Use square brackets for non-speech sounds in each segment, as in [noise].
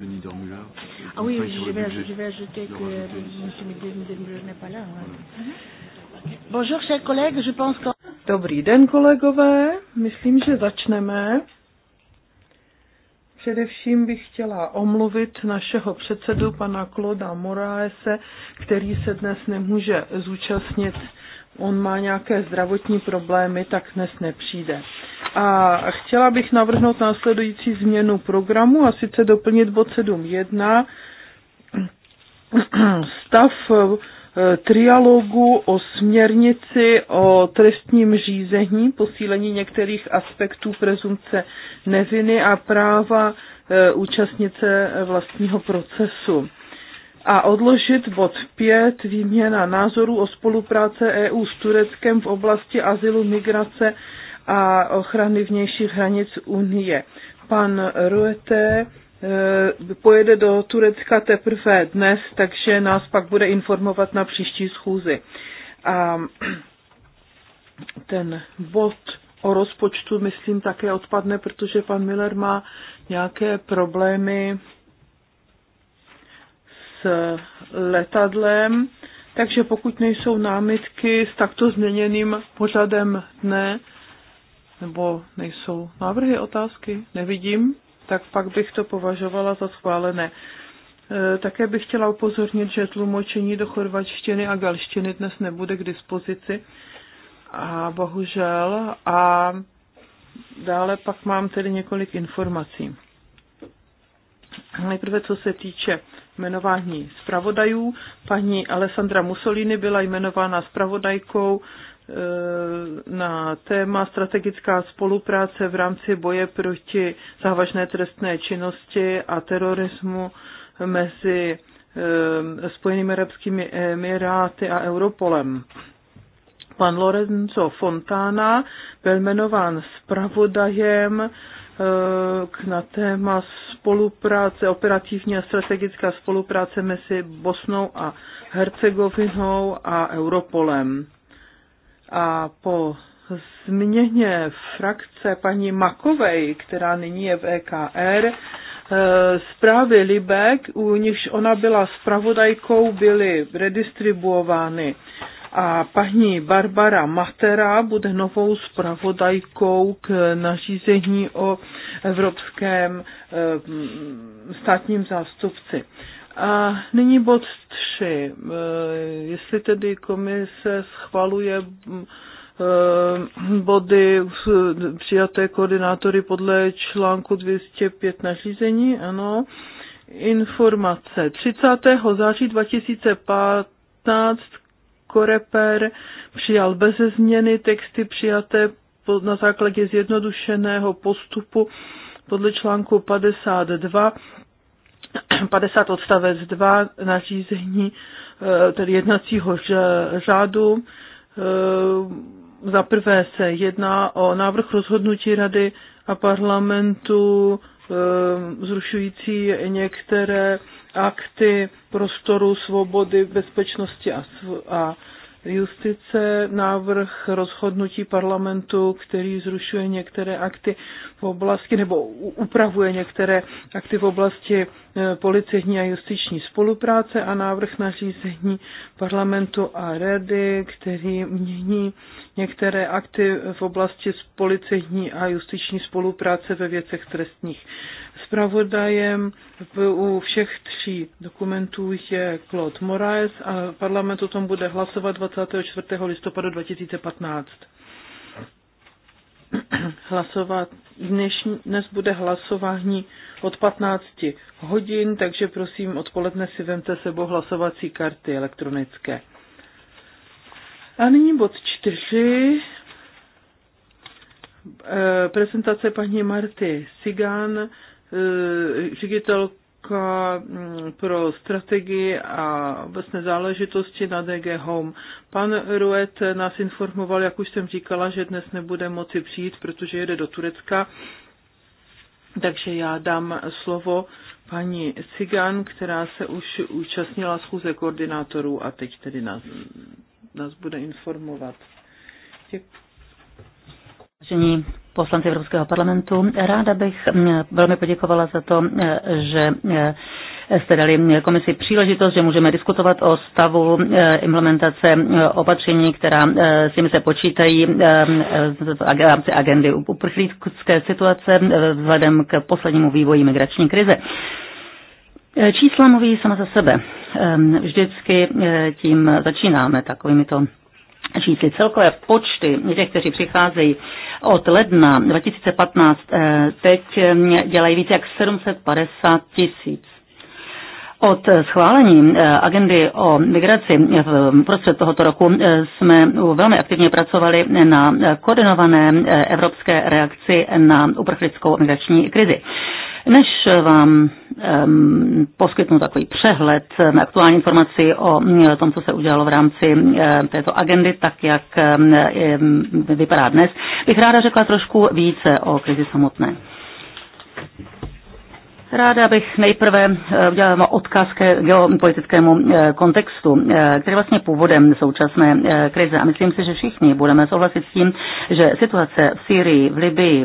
Denis Dormula. Ah oui, oui je, vais, je vais ajouter que euh, M. Dormula n'est pas là. Ouais. Mhm. Bonjour, chers collègues, je pense que... Dobrý den, kolegové. Myslím, že začneme. Především bych chtěla omluvit našeho předsedu, pana Kloda Moraese, který se dnes nemůže zúčastnit on má nějaké zdravotní problémy, tak dnes nepřijde. A chtěla bych navrhnout následující změnu programu a sice doplnit bod 7.1 stav eh, trialogu o směrnici o trestním řízení, posílení některých aspektů prezumce neviny a práva eh, účastnice vlastního procesu a odložit bod 5 výměna názorů o spolupráce EU s Tureckem v oblasti azylu, migrace a ochrany vnějších hranic Unie. Pan Ruete eh, pojede do Turecka teprve dnes, takže nás pak bude informovat na příští schůzi. A [clears throat] ten bod o rozpočtu, myslím, také odpadne, protože pan Miller má nějaké problémy s letadlem, takže pokud nejsou námitky s takto změněným pořadem dne, nebo nejsou návrhy, otázky, nevidím, tak pak bych to považovala za schválené. E, také bych chtěla upozornit, že tlumočení do chorvačtiny a galštiny dnes nebude k dispozici. A bohužel. A dále pak mám tedy několik informací. Nejprve co se týče jmenování zpravodajů. Paní Alessandra Mussolini byla jmenována zpravodajkou e, na téma strategická spolupráce v rámci boje proti závažné trestné činnosti a terorismu mezi e, Spojenými arabskými emiráty a Europolem. Pan Lorenzo Fontana byl jmenován zpravodajem k na téma spolupráce, operativní a strategická spolupráce mezi Bosnou a Hercegovinou a Europolem. A po změně frakce paní Makovej, která nyní je v EKR, e, zprávy Libek, u nichž ona byla spravodajkou, byly redistribuovány a paní Barbara Matera bude novou zpravodajkou k nařízení o evropském eh, státním zástupci. A nyní bod 3. Eh, jestli tedy komise schvaluje eh, body přijaté koordinátory podle článku 205 nařízení, ano, informace. 30. září 2015 Koreper přijal bez změny texty přijaté na základě zjednodušeného postupu podle článku 52 50 [clears throat] odstavec 2 nařízení eh, tedy jednacího řádu. Eh, za prvé se jedná o návrh rozhodnutí Rady a parlamentu Eh, zrušující některé akty prostoru svobody, bezpečnosti a, a justice návrh rozhodnutí parlamentu, který zrušuje některé akty v oblasti nebo upravuje některé akty v oblasti e, policejní a justiční spolupráce a návrh nařízení parlamentu a rady, který mění některé akty v oblasti policejní a justiční spolupráce ve věcech trestních. Spravodajem u všech tří dokumentů je Claude Moraes a parlament o tom bude hlasovat 24. listopadu 2015 hlasovat, dnešní, dnes bude hlasování od 15 hodin, takže prosím odpoledne si vemte sebou hlasovací karty elektronické. A nyní bod 4. Eh, prezentace paní Marty Sigan E, ředitelka mm, pro strategii a obecné záležitosti na DG Home. Pan Ruet nás informoval, jak už jsem říkala, že dnes nebude moci přijít, protože jede do Turecka. Takže já dám slovo paní Cigan, která se už účastnila schůze koordinátorů a teď tedy nás, nás bude informovat. Děkuji. Vážení poslanci Evropského parlamentu, ráda bych velmi poděkovala za to, že jste dali komisi příležitost, že můžeme diskutovat o stavu implementace opatření, která s tím se počítají v rámci agendy uprchlícké situace vzhledem k poslednímu vývoji migrační krize. Čísla mluví sama za sebe. Ehm, vždycky e, tím e, začínáme takovými to čísly. Celkové počty těch, kteří přicházejí od ledna 2015, eh, teď eh, dělají více jak 750 tisíc od schválení eh, agendy o migraci v eh, prostřed tohoto roku eh, jsme velmi aktivně pracovali na koordinované evropské reakci na uprchlickou migrační krizi. Než vám um, poskytnu takový přehled na aktuální informaci o tom, co se udělalo v rámci této agendy, tak jak um, vypadá dnes, bych ráda řekla trošku více o krizi samotné. Ráda bych nejprve eh, udělala odkaz ke geopolitickému eh, kontextu, eh, který vlastně původem současné krize. A myslím si, že všichni budeme souhlasit s tím, že situace v Syrii, v Libii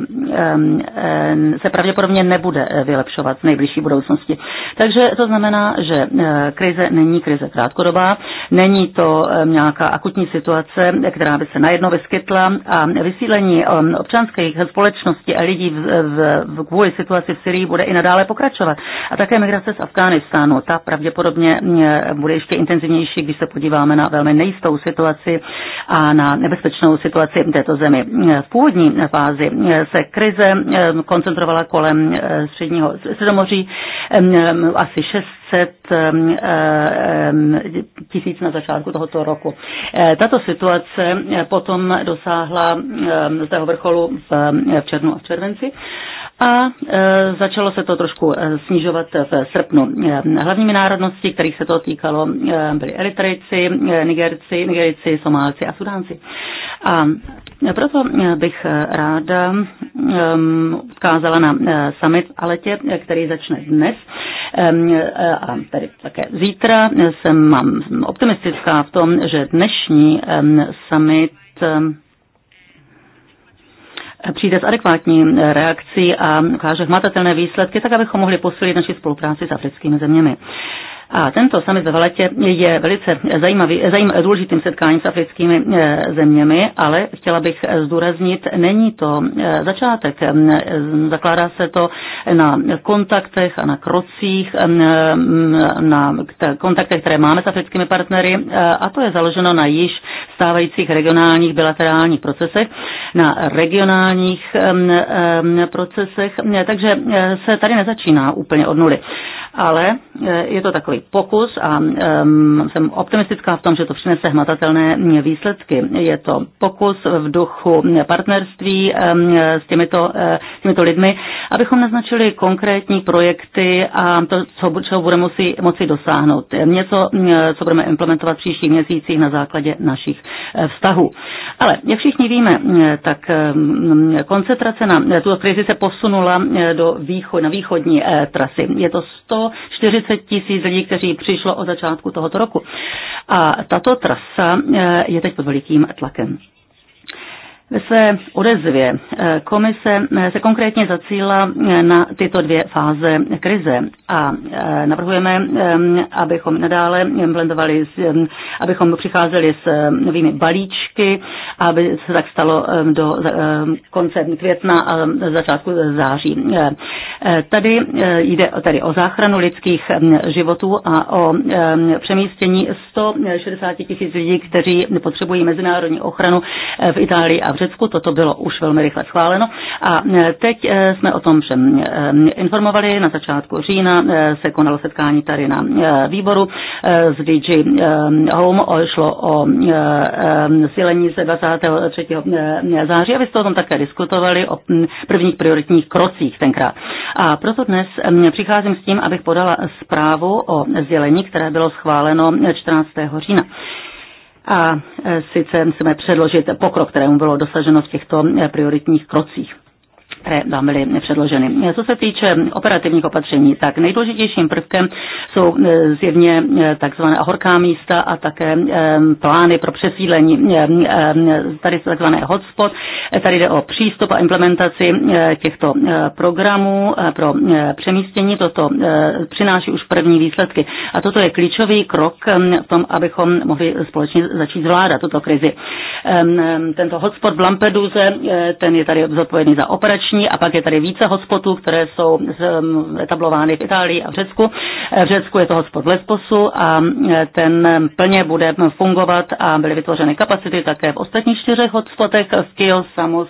se pravděpodobně nebude vylepšovat v nejbližší budoucnosti. Takže to znamená, že krize není krize krátkodobá, není to nějaká akutní situace, která by se najednou vyskytla a vysílení občanských společností a lidí v, v, kvůli situaci v Syrii bude i nadále pokračovat. A také migrace z Afghánistánu, ta pravděpodobně mm, bude ještě intenzivnější, když se podíváme na velmi nejistou situaci a na nebezpečnou situaci v této zemi. V původní fázi se krize mm, koncentrovala kolem mm, středního středomoří asi 600 tisíc na začátku tohoto roku. Eh, tato situace eh, potom dosáhla z tého vrcholu v červnu a v červenci a e, začalo se to trošku e, snižovat v srpnu. E, hlavními národnosti, kterých se to týkalo, byli Eritrejci, Nigerci, Nigerici, Somálci a Sudánci. A proto bych ráda ukázala na summit v Aletě, který začne dnes a tedy také zítra. Jsem mám optimistická v tom, že dnešní summit přijde s adekvátní reakcí a ukáže hmatatelné výsledky, tak abychom mohli posilit naši spolupráci s africkými zeměmi. A tento summit ve Valetě je velice zajímavý, zajím, důležitým setkáním s africkými eh, zeměmi, ale chtěla bych zdůraznit, není to eh, začátek. Eh, zakládá se to na kontaktech a na krocích, na kontaktech, které máme s africkými partnery a to je založeno na již stávajících regionálních bilaterálních procesech, na regionálních procesech, takže eh, se tady nezačíná úplně od nuly. Ale eh, je to takový pokus a jsem optimistická v tom, že to přinese hmatatelné výsledky. Je to pokus v duchu partnerství s těmito, eh, s těmito lidmi, abychom naznačili konkrétní projekty a to, co, čeho budeme moci, moci dosáhnout. Něco, co budeme implementovat v příštích měsících na základě našich Eh, vztahu. Ale jak všichni víme, eh, tak eh, koncentrace na tuto krizi se posunula do východ, na východní trasy. Je to 140 tisíc lidí, kteří přišlo od začátku tohoto roku. A tato trasa je teď pod velikým tlakem. Ve své odezvě komise se konkrétně zacíla na tyto dvě fáze krize a e, navrhujeme, e, abychom nadále implementovali, e, abychom přicházeli s novými balíčky, aby se tak stalo do konce května a začátku září. Tady jde tady o záchranu lidských životů a o přemístění 160 tisíc lidí, kteří potřebují mezinárodní ochranu v Itálii a v Řecku, toto bylo už velmi rychle schváleno. A e, teď e, jsme o tom všem e, informovali. Na začátku října se konalo setkání tady na výboru z DG Home. Šlo o silení ze 23. září a vy jste o tom také diskutovali o prvních prioritních krocích tenkrát. A proto dnes přicházím s tím, abych podala zprávu o sdělení, které bylo schváleno 14. října a e, sice musíme předložit pokrok, kterému bylo dosaženo v těchto e, prioritních krocích které vám byly předloženy. Co se týče operativních opatření, tak nejdůležitějším prvkem jsou e, zjevně e, takzvané horká místa a také e, plány pro přesídlení. Tady takzvané hotspot, tady jde o přístup a implementaci těchto programů pro přemístění. Toto přináší už první výsledky. A toto je klíčový krok v tom, abychom mohli společně začít zvládat tuto krizi. Tento hotspot v Lampeduze, ten je tady zodpovědný za operační tradiční a pak je tady více hotspotů, které jsou etablovány v Itálii a v Řecku. V Řecku je to hospod Lesbosu a ten plně bude fungovat a byly vytvořeny kapacity také v ostatních čtyřech hotspotech v Kio, Samos,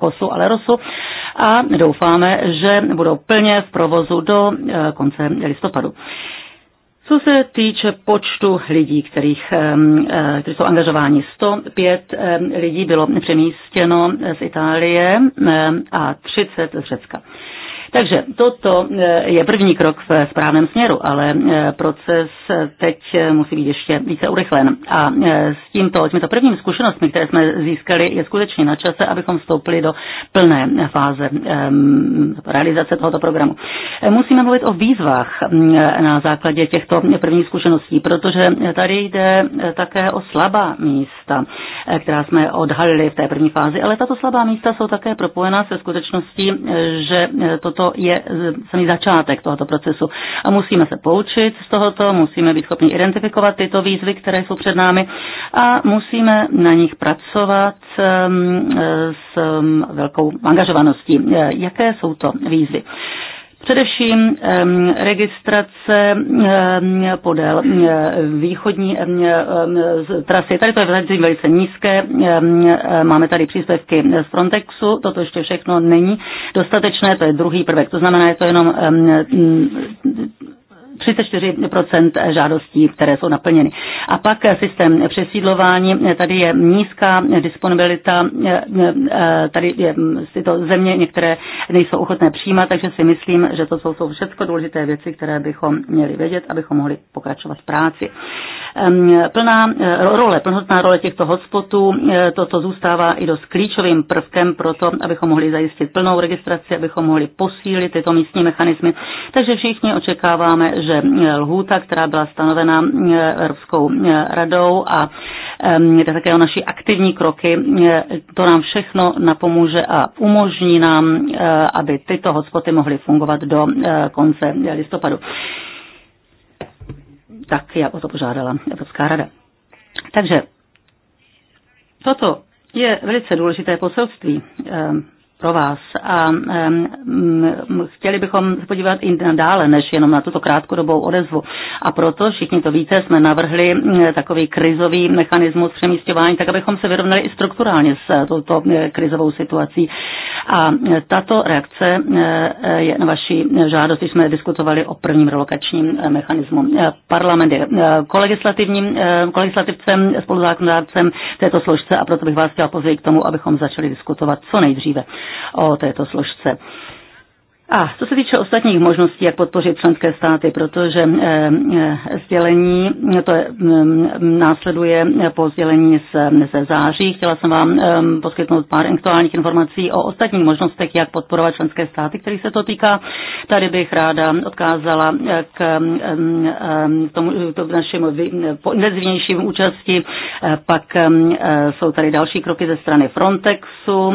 Kosu a Lerosu a doufáme, že budou plně v provozu do e, konce listopadu. Co se týče počtu lidí, kterých, e, kteří jsou angažováni, 105 lidí bylo přemístěno z Itálie a 30 z Řecka. Takže toto eh, je první krok v správném směru, ale eh, proces teď eh, musí být ještě více urychlen. A s tímto, těmito prvními zkušenostmi, které jsme získali, je skutečně na čase, abychom vstoupili do plné fáze ehm, realizace tohoto programu. Musíme mluvit o výzvách mm, na základě těchto prvních zkušeností, protože tady jde také o slabá místa, která jsme odhalili v té první fázi, ale tato slabá místa jsou také propojená se skutečností, že toto to je samý začátek tohoto procesu. A musíme se poučit z tohoto, musíme být schopni identifikovat tyto výzvy, které jsou před námi a musíme na nich pracovat um, s um, velkou angažovaností. E, jaké jsou to výzvy? Především registrace podél východní trasy. Tady to je zatím velice nízké. Máme tady příspěvky z Frontexu. Toto ještě všechno není dostatečné. To je druhý prvek. To znamená, je to jenom 34% žádostí, které jsou naplněny. A pak systém přesídlování, tady je nízká disponibilita, eh, eh, tady je, tyto hm, země některé nejsou ochotné přijímat, takže si myslím, že to jsou, jsou všechno důležité věci, které bychom měli vědět, abychom mohli pokračovat v práci. Plná e, role, plnotná role těchto hotspotů, e, toto zůstává i dost klíčovým prvkem pro to, abychom mohli zajistit plnou registraci, abychom mohli posílit tyto místní mechanismy. Takže všichni očekáváme, že e, lhůta, která byla stanovena Evropskou radou a také o naší aktivní kroky, to nám všechno napomůže a umožní nám, aby tyto hotspoty mohly fungovat do konce listopadu tak, jak o to požádala Evropská rada. Takže toto je velice důležité poselství eh, pro vás. A chtěli bychom se podívat i dále, než jenom na tuto krátkodobou odezvu. A proto, všichni to víte, jsme navrhli takový krizový mechanismus přemístěvání, tak abychom se vyrovnali i strukturálně s eh, touto eh, krizovou situací. A eh, tato reakce je na vaší žádost, když jsme diskutovali o prvním relokačním mechanismu. Parlament je kolegislativním, kolegislativcem, spoluzákonodárcem této složce a proto bych vás chtěla pozvat k tomu, abychom začali diskutovat co nejdříve o této složce. A co se týče ostatních možností, jak podpořit členské státy, protože eh, eh, sdělení, to je, mm, následuje po sdělení ze září, chtěla jsem vám ehm, poskytnout pár aktuálních informací o ostatních možnostech, jak podporovat členské státy, který se to týká. Tady bych ráda odkázala eh, ehm, ehm, k tomu to našemu intenzivnějším účasti. Pak jsou tady další kroky ze strany Frontexu,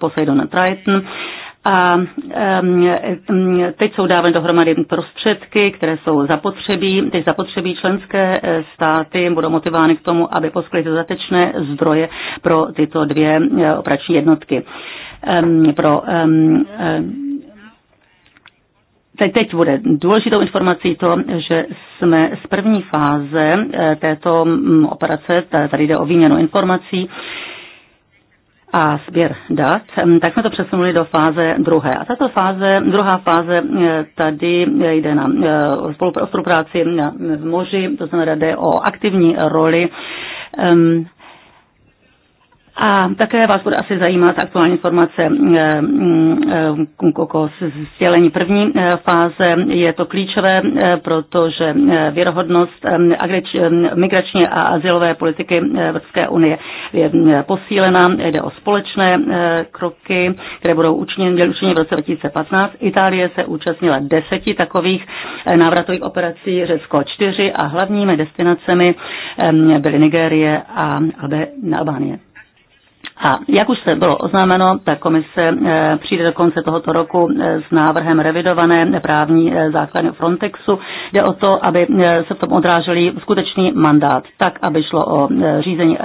Poseidon a Triton a teď jsou dávány dohromady prostředky, které jsou zapotřebí. Teď zapotřebí členské e, státy budou motivovány k tomu, aby poskytly dodatečné zdroje pro tyto dvě e, operační jednotky. Pro e, Teď, teď bude důležitou informací to, že jsme z první fáze této operace, tady jde o výměnu informací, a sběr dat, tak jsme to přesunuli do fáze druhé. A tato fáze, druhá fáze e, tady jde na e, spolupráci v moři, to znamená jde o aktivní roli a také vás bude asi zajímat aktuální informace eh, mm, eh, o sdělení první eh, fáze. Je to klíčové, protože věrohodnost migrační a asilové politiky Evropské unie je mm, posílena. Jde o společné kroky, které budou učiněny v roce 2015. Itálie se účastnila deseti takových návratových operací, Řecko čtyři a hlavními destinacemi byly Nigérie a Albánie. A jak už se bylo oznámeno, tak komise eh, přijde do konce tohoto roku eh, s návrhem revidované právní eh, základny Frontexu. Jde o to, aby se v tom odráželi skutečný mandát, tak, aby šlo o řízení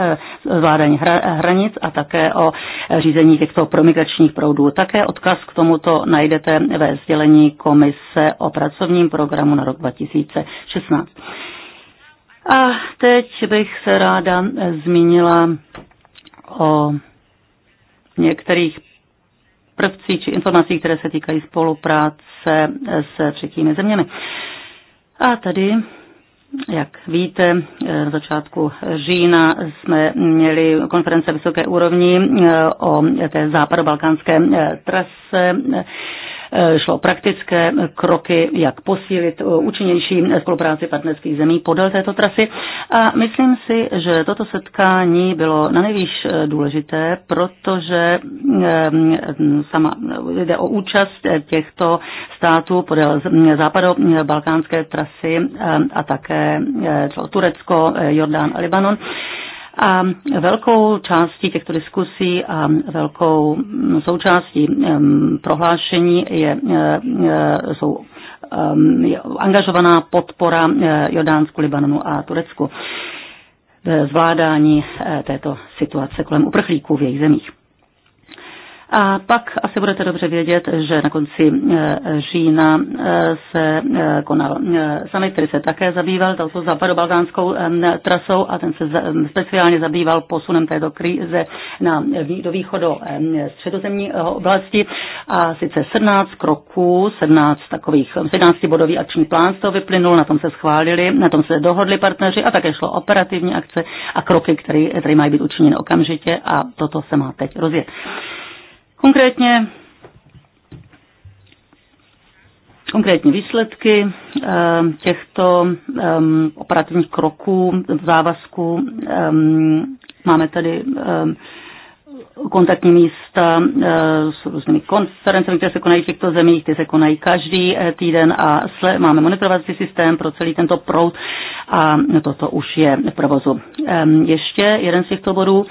zvládání hranic a také o řízení těchto promigračních proudů. Také odkaz k tomuto najdete ve sdělení komise o pracovním programu na rok 2016. A teď bych se ráda zmínila o některých prvcích či informacích, které se týkají spolupráce se třetími zeměmi. A tady jak víte, na začátku října jsme měli konference vysoké úrovni eh, o té západobalkánské trase Eh, šlo praktické kroky, jak posílit eh, účinnější spolupráci partnerských zemí podél této trasy. A myslím si, že toto setkání bylo na nejvíc eh, důležité, protože mm, sama jde o účast těchto států podél mm, západobalkánské trasy a také Turecko, Jordán a Libanon. A velkou částí těchto diskusí a velkou součástí prohlášení je, e, jsou angažovaná podpora e, Jordánsku, Libanonu a Turecku v zvládání e, této situace kolem uprchlíků v jejich zemích. A pak asi budete dobře vědět, že na konci eh, října eh, se eh, konal summit, který se také zabýval touto západobalkánskou trasou a ten se speciálně zabýval posunem této krize na, do východu středozemní oblasti a sice 17 kroků, 17 takových, 17 bodový akční plán z toho vyplynul, na tom se schválili, na tom se dohodli partneři a také šlo operativní akce a kroky, které, které mají být učiněny okamžitě a toto se má teď rozjet. Konkrétně konkrétní výsledky eh, těchto eh, operativních kroků, závazků. Eh, máme tady kontaktní místa s různými konferencemi, které se konají v těchto zemích, ty se konají každý týden a máme monitorovací systém pro celý tento proud a toto už je v provozu. Ještě jeden z těchto bodů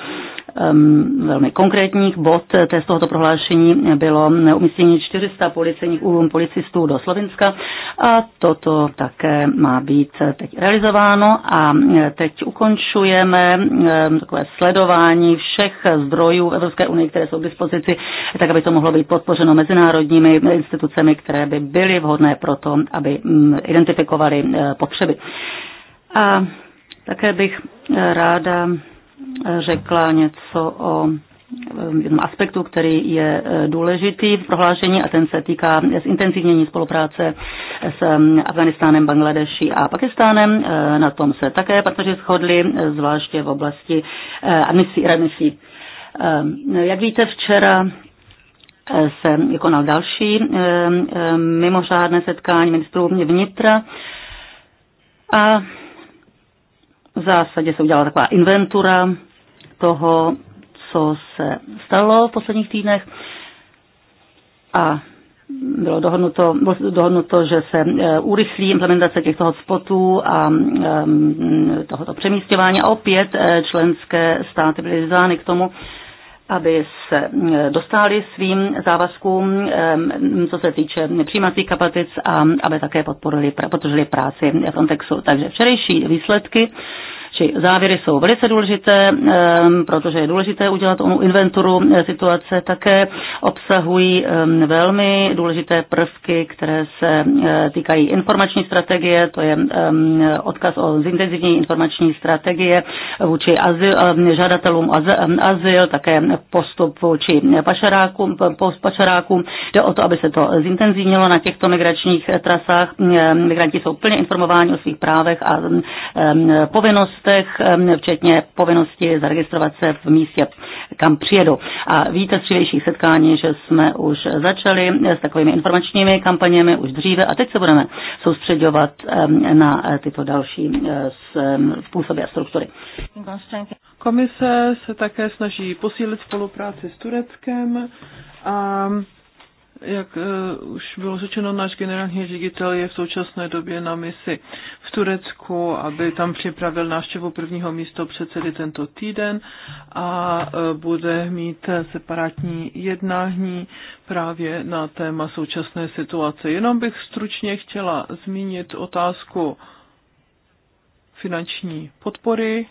velmi konkrétních bod eh, z tohoto prohlášení bylo umístění 400 policejních policistů do Slovenska a toto také má být eh, teď realizováno a eh, teď ukončujeme takové sledování všech zdrojů Evropské unie které jsou k dispozici, tak aby to mohlo být podpořeno mezinárodními institucemi, které by byly vhodné pro to, aby uh, potřeby. A také bych ráda řekla něco o um, jednom aspektu, který je eh, důležitý v prohlášení a ten se týká zintenzivnění spolupráce s um, Afganistánem, Bangladeši a Pakistánem. Eh, na tom se také partneři shodli, zvláště v oblasti eh, admisí, remisí. Jak víte, včera se konal další mimořádné setkání ministrů vnitra a v zásadě se udělala taková inventura toho, co se stalo v posledních týdnech a bylo dohodnuto, dohodnuto že se e, urychlí implementace těchto hotspotů a e, tohoto přemístěvání. A opět e, členské státy byly zvány k tomu, aby se mm, dostali svým závazkům, mm, co se týče přijímacích kapacit a aby také podporili, podpořili práci Frontexu. Takže včerejší výsledky či závěry jsou velice důležité, protože je důležité udělat onu inventuru eh, situace. Také obsahují velmi důležité prvky, které se eh, týkají informační strategie, to je odkaz o zintenzivní informační strategie vůči azyl, žadatelům azyl, také postup vůči pašerákům, pašerákům. Jde o to, aby se to zintenzivnilo na těchto migračních eh, trasách. Migranti jsou plně informováni o svých právech a povinnostech povinnostech, včetně povinnosti zaregistrovat se v místě, kam přijedou. A víte z dřívějších setkání, že jsme už začali s takovými informačními kampaněmi už dříve a teď se budeme soustředovat na eh, tyto další eh, způsoby a struktury. Komise se také snaží posílit spolupráci s Tureckem a jak eh, už bylo řečeno, náš generální ředitel je v současné době na misi v Turecku, aby tam připravil návštěvu prvního místo předsedy tento týden a eh, bude mít separátní jednání právě na téma současné situace. Jenom bych stručně chtěla zmínit otázku finanční podpory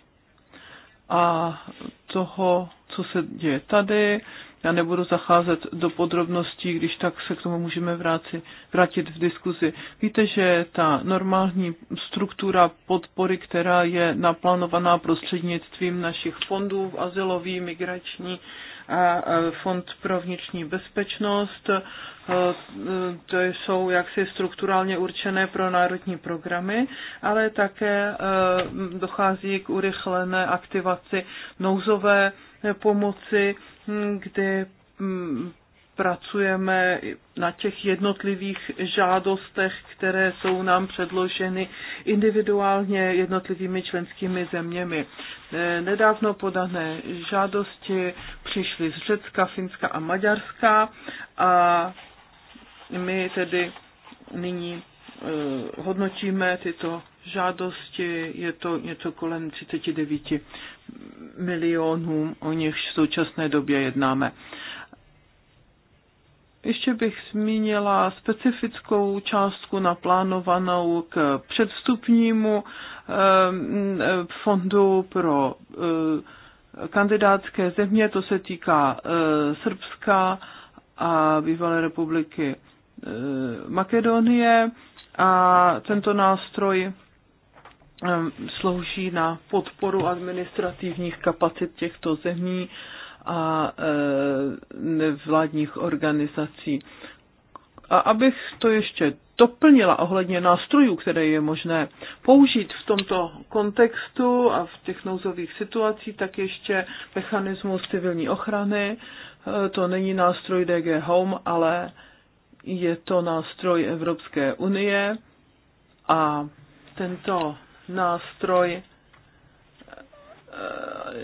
a toho, co se děje tady já nebudu zacházet do podrobností, když tak se k tomu můžeme vrátit, vrátit v diskuzi. Víte, že ta normální struktura podpory, která je naplánovaná prostřednictvím našich fondů, azylový, migrační, a Fond pro vnitřní bezpečnost. E, to jsou jaksi strukturálně určené pro národní programy, ale také e, dochází k urychlené aktivaci nouzové e, pomoci kde mm, pracujeme na těch jednotlivých žádostech, které jsou nám předloženy individuálně jednotlivými členskými zeměmi. E, nedávno podané žádosti přišly z Řecka, Finska a Maďarska a my tedy nyní e, hodnotíme tyto žádosti, je to něco kolem 39 milionů, o nichž v současné době jednáme. Ještě bych zmínila specifickou částku naplánovanou k předstupnímu eh, fondu pro eh, kandidátské země, to se týká eh, Srbska a bývalé republiky Makedonie a tento nástroj slouží na podporu administrativních kapacit těchto zemí a e, nevládních organizací. A abych to ještě doplnila ohledně nástrojů, které je možné použít v tomto kontextu a v těch nouzových situacích, tak ještě mechanismus civilní ochrany. E, to není nástroj DG Home, ale je to nástroj Evropské unie a tento nástroj eh,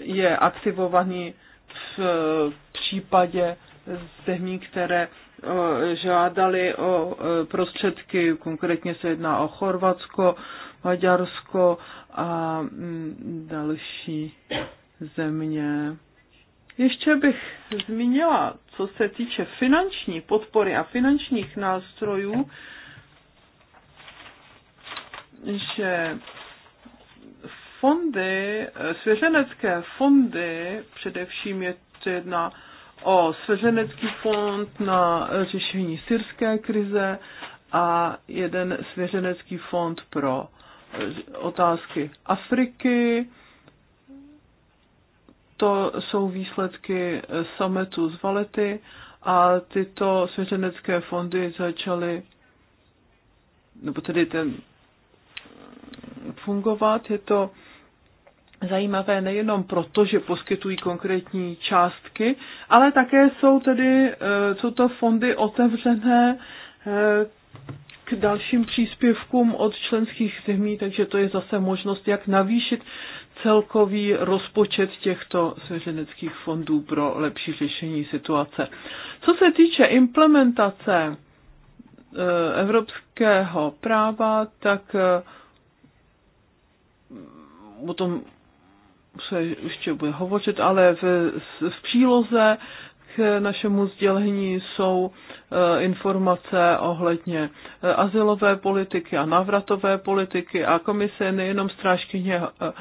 je aktivovaný v případě zemí, které eh, žádali o eh, prostředky, konkrétně se jedná o Chorvatsko, Maďarsko a mm, další země. Ještě bych zmínila, co se týče finanční podpory a finančních nástrojů, že fondy, eh, svěřenecké fondy, především je to jedna o svěřenecký fond na řešení syrské krize a jeden svěřenecký fond pro eh, otázky Afriky. To jsou výsledky eh, sametu z Valety a tyto svěřenecké fondy začaly, nebo tedy ten fungovat. Je to zajímavé nejenom proto, že poskytují konkrétní částky, ale také jsou tedy, eh, jsou to fondy otevřené eh, k dalším příspěvkům od členských zemí, takže to je zase možnost, jak navýšit celkový rozpočet těchto svěřeneckých fondů pro lepší řešení situace. Co se týče implementace eh, evropského práva, tak o tom se ještě bude hovořit, ale v, v příloze k našemu sdělení jsou eh, informace ohledně eh, asilové politiky a navratové politiky a komise nejenom strážkyně eh,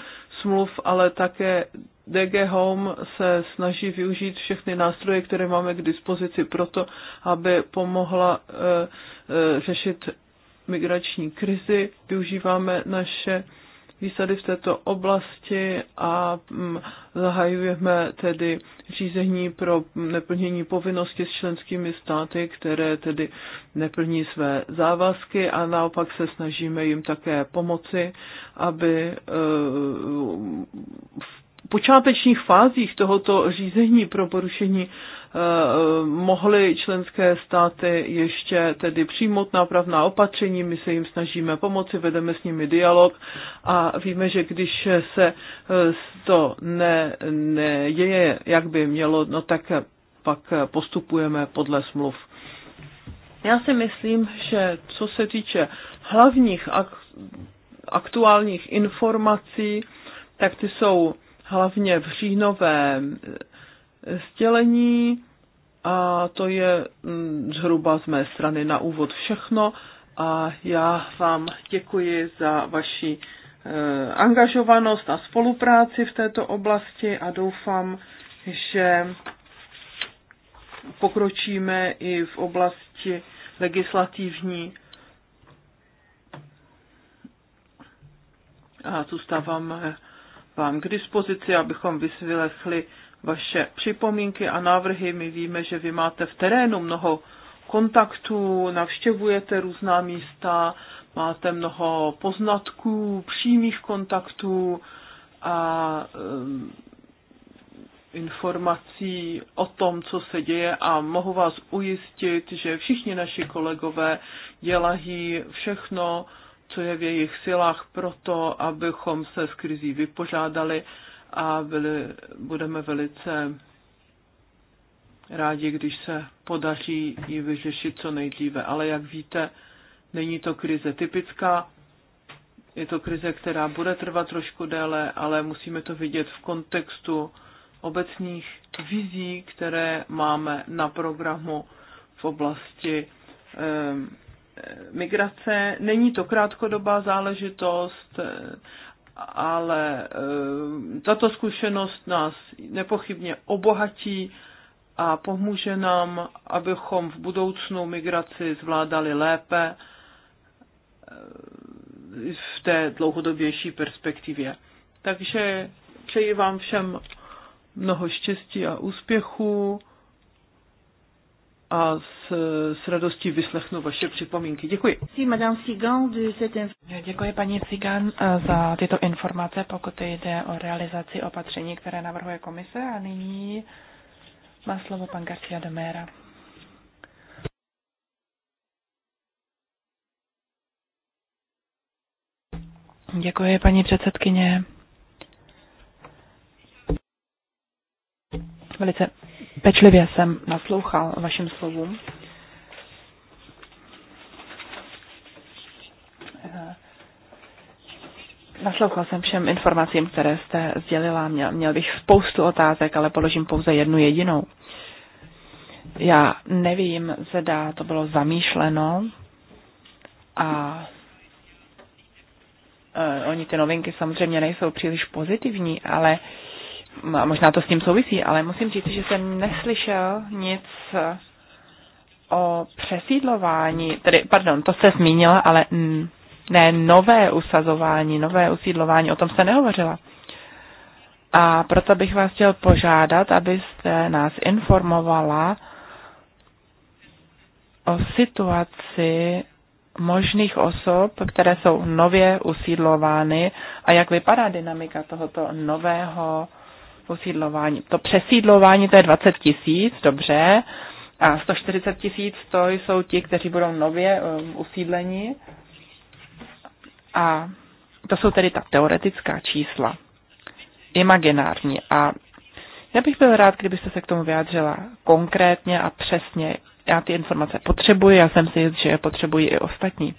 smluv, ale také DG Home se snaží využít všechny nástroje, které máme k dispozici proto, aby pomohla řešit migrační krizi. Využíváme naše výsady v této oblasti a mm, zahajujeme tedy řízení pro neplnění povinnosti s členskými státy, které tedy neplní své závazky a naopak se snažíme jim také pomoci, aby v e, počátečních fázích tohoto řízení pro porušení eh, mohly členské státy ještě tedy přijmout nápravná opatření, my se jim snažíme pomoci, vedeme s nimi dialog a víme, že když se eh, to ne, neděje, jak by mělo, no tak pak postupujeme podle smluv. Já si myslím, že co se týče hlavních aktuálních informací, tak ty jsou hlavně v říjnovém eh, sdělení a to je mm, zhruba z mé strany na úvod všechno a já vám děkuji za vaši eh, angažovanost a spolupráci v této oblasti a doufám, že pokročíme i v oblasti legislativní. A zůstáváme eh, vám k dispozici, abychom vysvětlili vaše připomínky a návrhy. My víme, že vy máte v terénu mnoho kontaktů, navštěvujete různá místa, máte mnoho poznatků, přímých kontaktů a um, informací o tom, co se děje a mohu vás ujistit, že všichni naši kolegové dělají všechno, co je v jejich silách pro to, abychom se s krizí vypořádali a byli, budeme velice rádi, když se podaří ji vyřešit co nejdříve. Ale jak víte, není to krize typická, je to krize, která bude trvat trošku déle, ale musíme to vidět v kontextu obecných vizí, které máme na programu v oblasti ehm, migrace. Není to krátkodobá záležitost, ale eh, tato zkušenost nás nepochybně obohatí a pomůže nám, abychom v budoucnu migraci zvládali lépe eh, v té dlouhodobější perspektivě. Takže přeji vám všem mnoho štěstí a úspěchů a s, s radostí vyslechnu vaše připomínky. Děkuji. Děkuji paní Cigan eh, za tyto informace, pokud jde o realizaci opatření, které navrhuje komise. A nyní má slovo pan Garcia de Mera. Děkuji, paní předsedkyně. Velice pečlivě jsem naslouchal vašim slovům. Naslouchal jsem všem informacím, které jste sdělila. Měl, měl bych spoustu otázek, ale položím pouze jednu jedinou. Já nevím, zda to bylo zamýšleno a e, oni ty novinky samozřejmě nejsou příliš pozitivní, ale e, možná to s tím souvisí, ale musím říct, že jsem neslyšel nic o přesídlování, tedy, pardon, to jste zmínila, ale ne nové usazování, nové usídlování, o tom jste nehovořila. A proto bych vás chtěl požádat, abyste nás informovala o situaci možných osob, které jsou nově usídlovány a jak vypadá dynamika tohoto nového posídlování, to přesídlování, to je 20 tisíc, dobře, a 140 tisíc to jsou ti, kteří budou nově um, usídleni. A to jsou tedy ta teoretická čísla, imaginární. A já bych byl rád, kdybyste se k tomu vyjádřila konkrétně a přesně. Já ty informace potřebuji, já jsem si jist, že je potřebují i ostatní.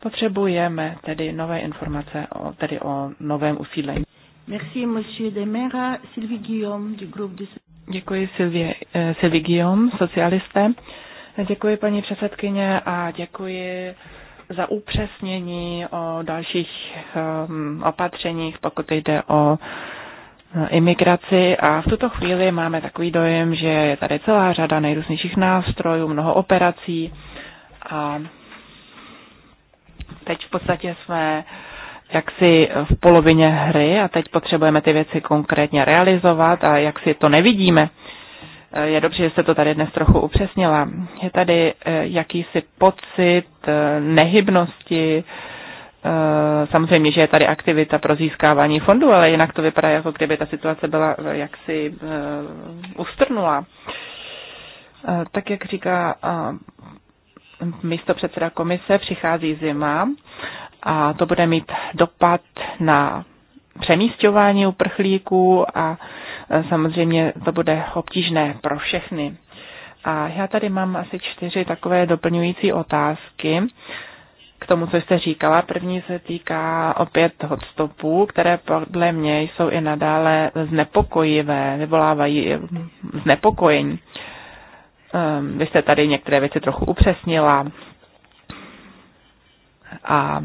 Potřebujeme tedy nové informace, o, tedy o novém usídlení. Merci, monsieur Demera. Sylvie Guillaume, du groupe du... Děkuji, Sylvie, eh, Sylvie Guillaume, socialisté. Děkuji, paní předsedkyně, a děkuji za upřesnění o dalších um, opatřeních, pokud jde o eh, imigraci a v tuto chvíli máme takový dojem, že je tady celá řada nejrůznějších nástrojů, mnoho operací a teď v podstatě jsme jaksi v polovině hry a teď potřebujeme ty věci konkrétně realizovat a jak si to nevidíme. Eh, je dobře, že jste to tady dnes trochu upřesnila. Je tady eh, jakýsi pocit eh, nehybnosti, samozřejmě, že je tady aktivita pro získávání fondů, ale jinak to vypadá, jako kdyby ta situace byla jaksi ustrnula. Tak jak říká místo předseda komise, přichází zima a to bude mít dopad na přemístování uprchlíků a e, samozřejmě to bude obtížné pro všechny. A já tady mám asi čtyři takové doplňující otázky k tomu, co jste říkala. První se týká opět hotstopů, které podle mě jsou i nadále znepokojivé, vyvolávají e, znepokojení. Ehm, vy jste tady některé věci trochu upřesnila a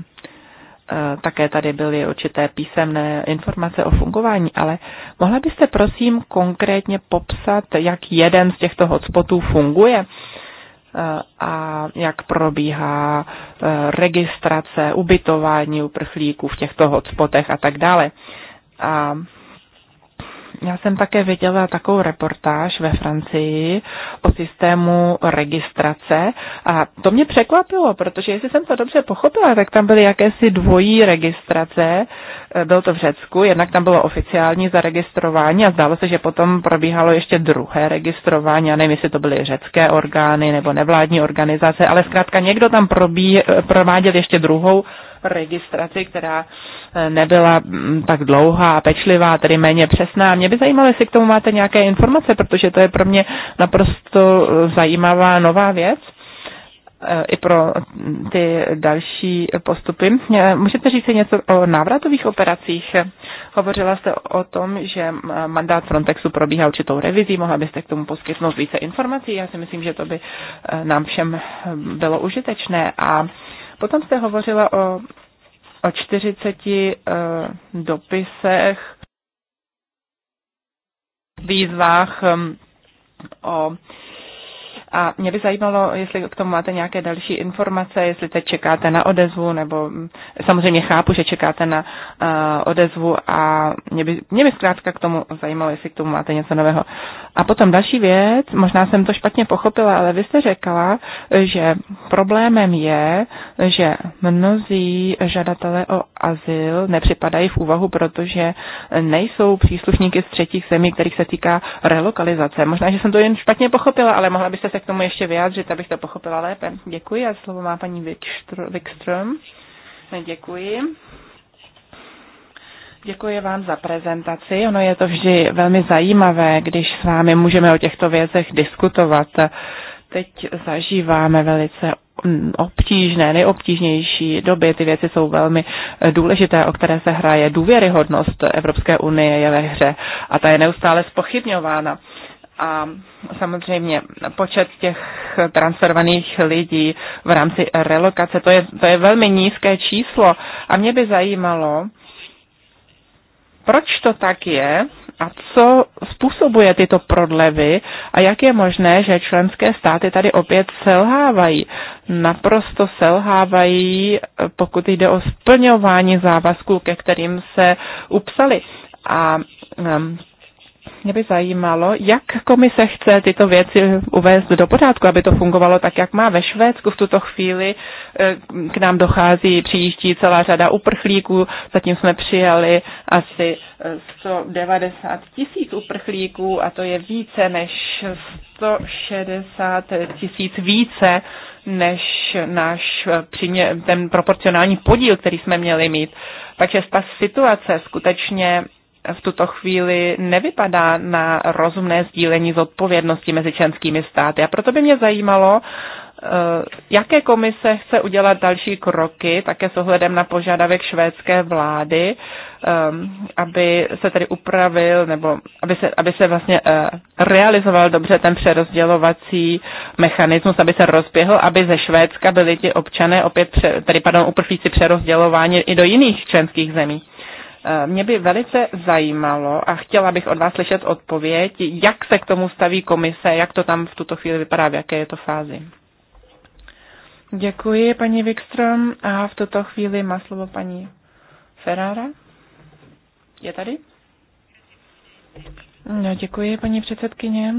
e, také tady byly určité písemné informace o fungování, ale mohla byste prosím konkrétně popsat, jak jeden z těchto hotspotů funguje e, a jak probíhá e, registrace, ubytování uprchlíků v těchto hotspotech a tak dále. A já jsem také viděla takovou reportáž ve Francii o systému registrace a to mě překvapilo, protože jestli jsem to dobře pochopila, tak tam byly jakési dvojí registrace. Bylo to v Řecku, jednak tam bylo oficiální zaregistrování a zdálo se, že potom probíhalo ještě druhé registrování. Já nevím, jestli to byly řecké orgány nebo nevládní organizace, ale zkrátka někdo tam probí, prováděl ještě druhou registraci, která nebyla mm, tak dlouhá a pečlivá, tedy méně přesná. Mě by zajímalo, jestli k tomu máte nějaké informace, protože to je pro mě naprosto eh, zajímavá nová věc eh, i pro mm, ty další postupy. Můžete říct něco o návratových operacích? Hovořila jste o tom, že mandát Frontexu probíhá určitou revizí, mohla byste k tomu poskytnout více informací. Já si myslím, že to by eh, nám všem hm, bylo užitečné. A potom jste hovořila o o 40 uh, eh, dopisech, výzvách um, o a mě by zajímalo, jestli k tomu máte nějaké další informace, jestli teď čekáte na odezvu, nebo mm, samozřejmě chápu, že čekáte na uh, odezvu a mě by, mě by zkrátka k tomu zajímalo, jestli k tomu máte něco nového. A potom další věc, možná jsem to špatně pochopila, ale vy jste řekla, že problémem je, že mnozí žadatelé o azyl nepřipadají v úvahu, protože nejsou příslušníky z třetích zemí, kterých se týká relokalizace. Možná, že jsem to jen špatně pochopila, ale mohla byste se k tomu ještě vyjádřit, abych to pochopila lépe. Děkuji a slovo má paní Wikström. Děkuji. Děkuji vám za prezentaci. Ono je to vždy velmi zajímavé, když s vámi můžeme o těchto věcech diskutovat. Teď zažíváme velice obtížné, nejobtížnější doby. Ty věci jsou velmi důležité, o které se hraje. Důvěryhodnost Evropské unie je ve hře a ta je neustále spochybňována a samozřejmě počet těch transferovaných lidí v rámci relokace, to je, to je velmi nízké číslo a mě by zajímalo, proč to tak je a co způsobuje tyto prodlevy a jak je možné, že členské státy tady opět selhávají. Naprosto selhávají, pokud jde o splňování závazků, ke kterým se upsali. A um, mě by zajímalo, jak komise chce tyto věci uvést do pořádku, aby to fungovalo tak, jak má ve Švédsku v tuto chvíli. E, k nám dochází přijíždí celá řada uprchlíků, zatím jsme přijali asi 190 tisíc uprchlíků a to je více než 160 tisíc více než náš e, ten proporcionální podíl, který jsme měli mít. Takže ta situace skutečně v tuto chvíli nevypadá na rozumné sdílení zodpovědnosti mezi členskými státy. A proto by mě zajímalo, eh, jaké komise chce udělat další kroky, také s ohledem na požadavek švédské vlády, ehm, aby se tedy upravil nebo aby se, aby se vlastně eh, realizoval dobře ten přerozdělovací mechanismus, aby se rozběhl, aby ze Švédska byli ti občané opět, tedy pardon, uprchlíci přerozdělováni i do jiných členských zemí. Eh, mě by velice zajímalo a chtěla bych od vás slyšet odpověď, jak se k tomu staví komise, jak to tam v tuto chvíli vypadá, v jaké je to fázi. Děkuji, paní Wikström. A v tuto chvíli má slovo paní Ferrara. Je tady? No, děkuji, paní předsedkyně.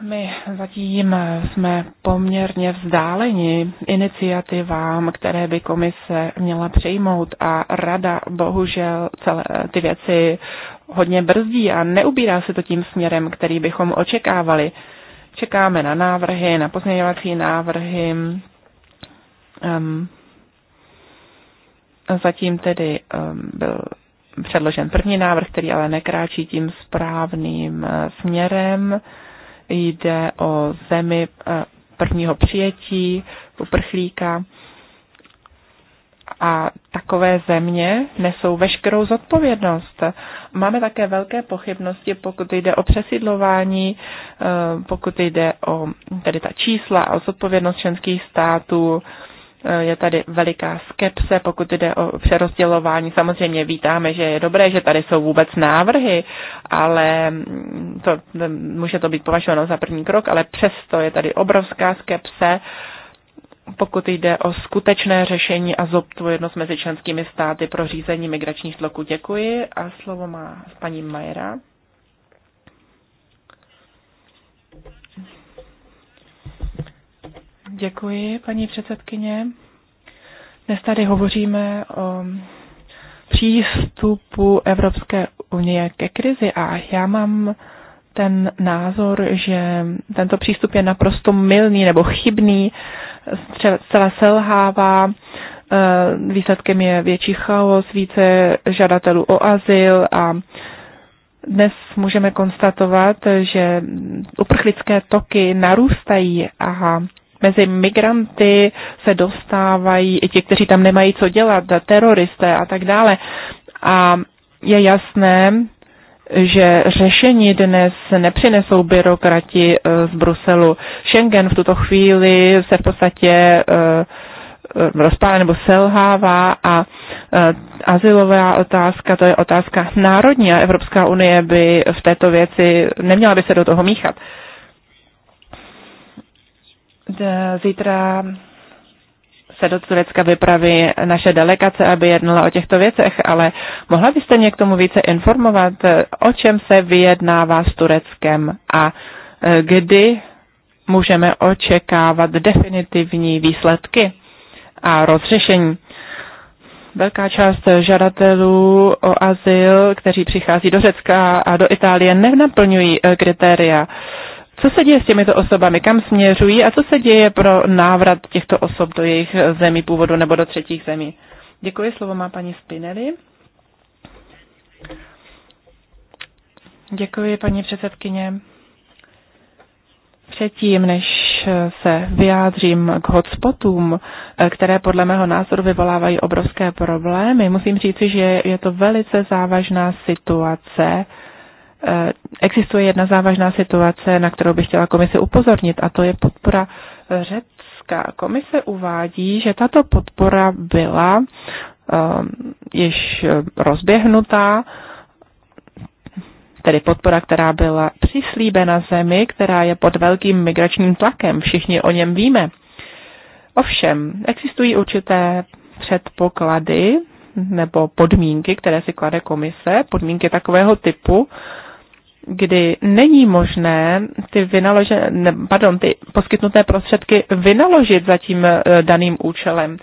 My zatím jsme poměrně vzdáleni iniciativám, které by komise měla přejmout a rada bohužel celé ty věci hodně brzdí a neubírá se to tím směrem, který bychom očekávali. Čekáme na návrhy, na pozměňovací návrhy. Um, zatím tedy um, byl předložen první návrh, který ale nekráčí tím správným eh, směrem jde o zemi eh, prvního přijetí uprchlíka a takové země nesou veškerou zodpovědnost. Máme také velké pochybnosti, pokud jde o přesidlování, eh, pokud jde o tedy ta čísla a o zodpovědnost členských států je tady veliká skepse, pokud jde o přerozdělování. Samozřejmě vítáme, že je dobré, že tady jsou vůbec návrhy, ale to, může to být považováno za první krok, ale přesto je tady obrovská skepse pokud jde o skutečné řešení a zodpovědnost mezi členskými státy pro řízení migračních tloků. Děkuji a slovo má paní Majera. Děkuji, paní předsedkyně. Dnes tady hovoříme o přístupu Evropské unie ke krizi a já mám ten názor, že tento přístup je naprosto mylný nebo chybný, zcela selhává, eh, výsledkem je větší chaos, více žadatelů o azyl a dnes můžeme konstatovat, že uprchlické toky narůstají a mezi migranty se dostávají i ti, kteří tam nemají co dělat, teroristé a tak dále. A je jasné, že řešení dnes nepřinesou byrokrati eh, z Bruselu. Schengen v tuto chvíli se v podstatě eh, rozpálá nebo selhává a eh, asilová otázka, to je otázka národní a Evropská unie by v této věci neměla by se do toho míchat. Zítra se do Turecka vypraví naše delegace, aby jednala o těchto věcech, ale mohla byste mě k tomu více informovat, o čem se vyjednává s Tureckem a e, kdy můžeme očekávat definitivní výsledky a rozřešení. Velká část žadatelů o azyl, kteří přichází do Řecka a do Itálie, nenaplňují e, kritéria co se děje s těmito osobami, kam směřují a co se děje pro návrat těchto osob do jejich zemí původu nebo do třetích zemí. Děkuji, slovo má paní Spinelli. Děkuji, paní předsedkyně. Předtím, než se vyjádřím k hotspotům, které podle mého názoru vyvolávají obrovské problémy, musím říci, že je to velice závažná situace, Eh, existuje jedna závažná situace, na kterou bych chtěla komise upozornit, a to je podpora Řecka. Komise uvádí, že tato podpora byla eh, již rozběhnutá, tedy podpora, která byla přislíbena zemi, která je pod velkým migračním tlakem. Všichni o něm víme. Ovšem, existují určité předpoklady nebo podmínky, které si klade komise, podmínky takového typu, kdy není možné ty, vynalože, ne, pardon, ty poskytnuté prostředky vynaložit za tím eh, daným účelem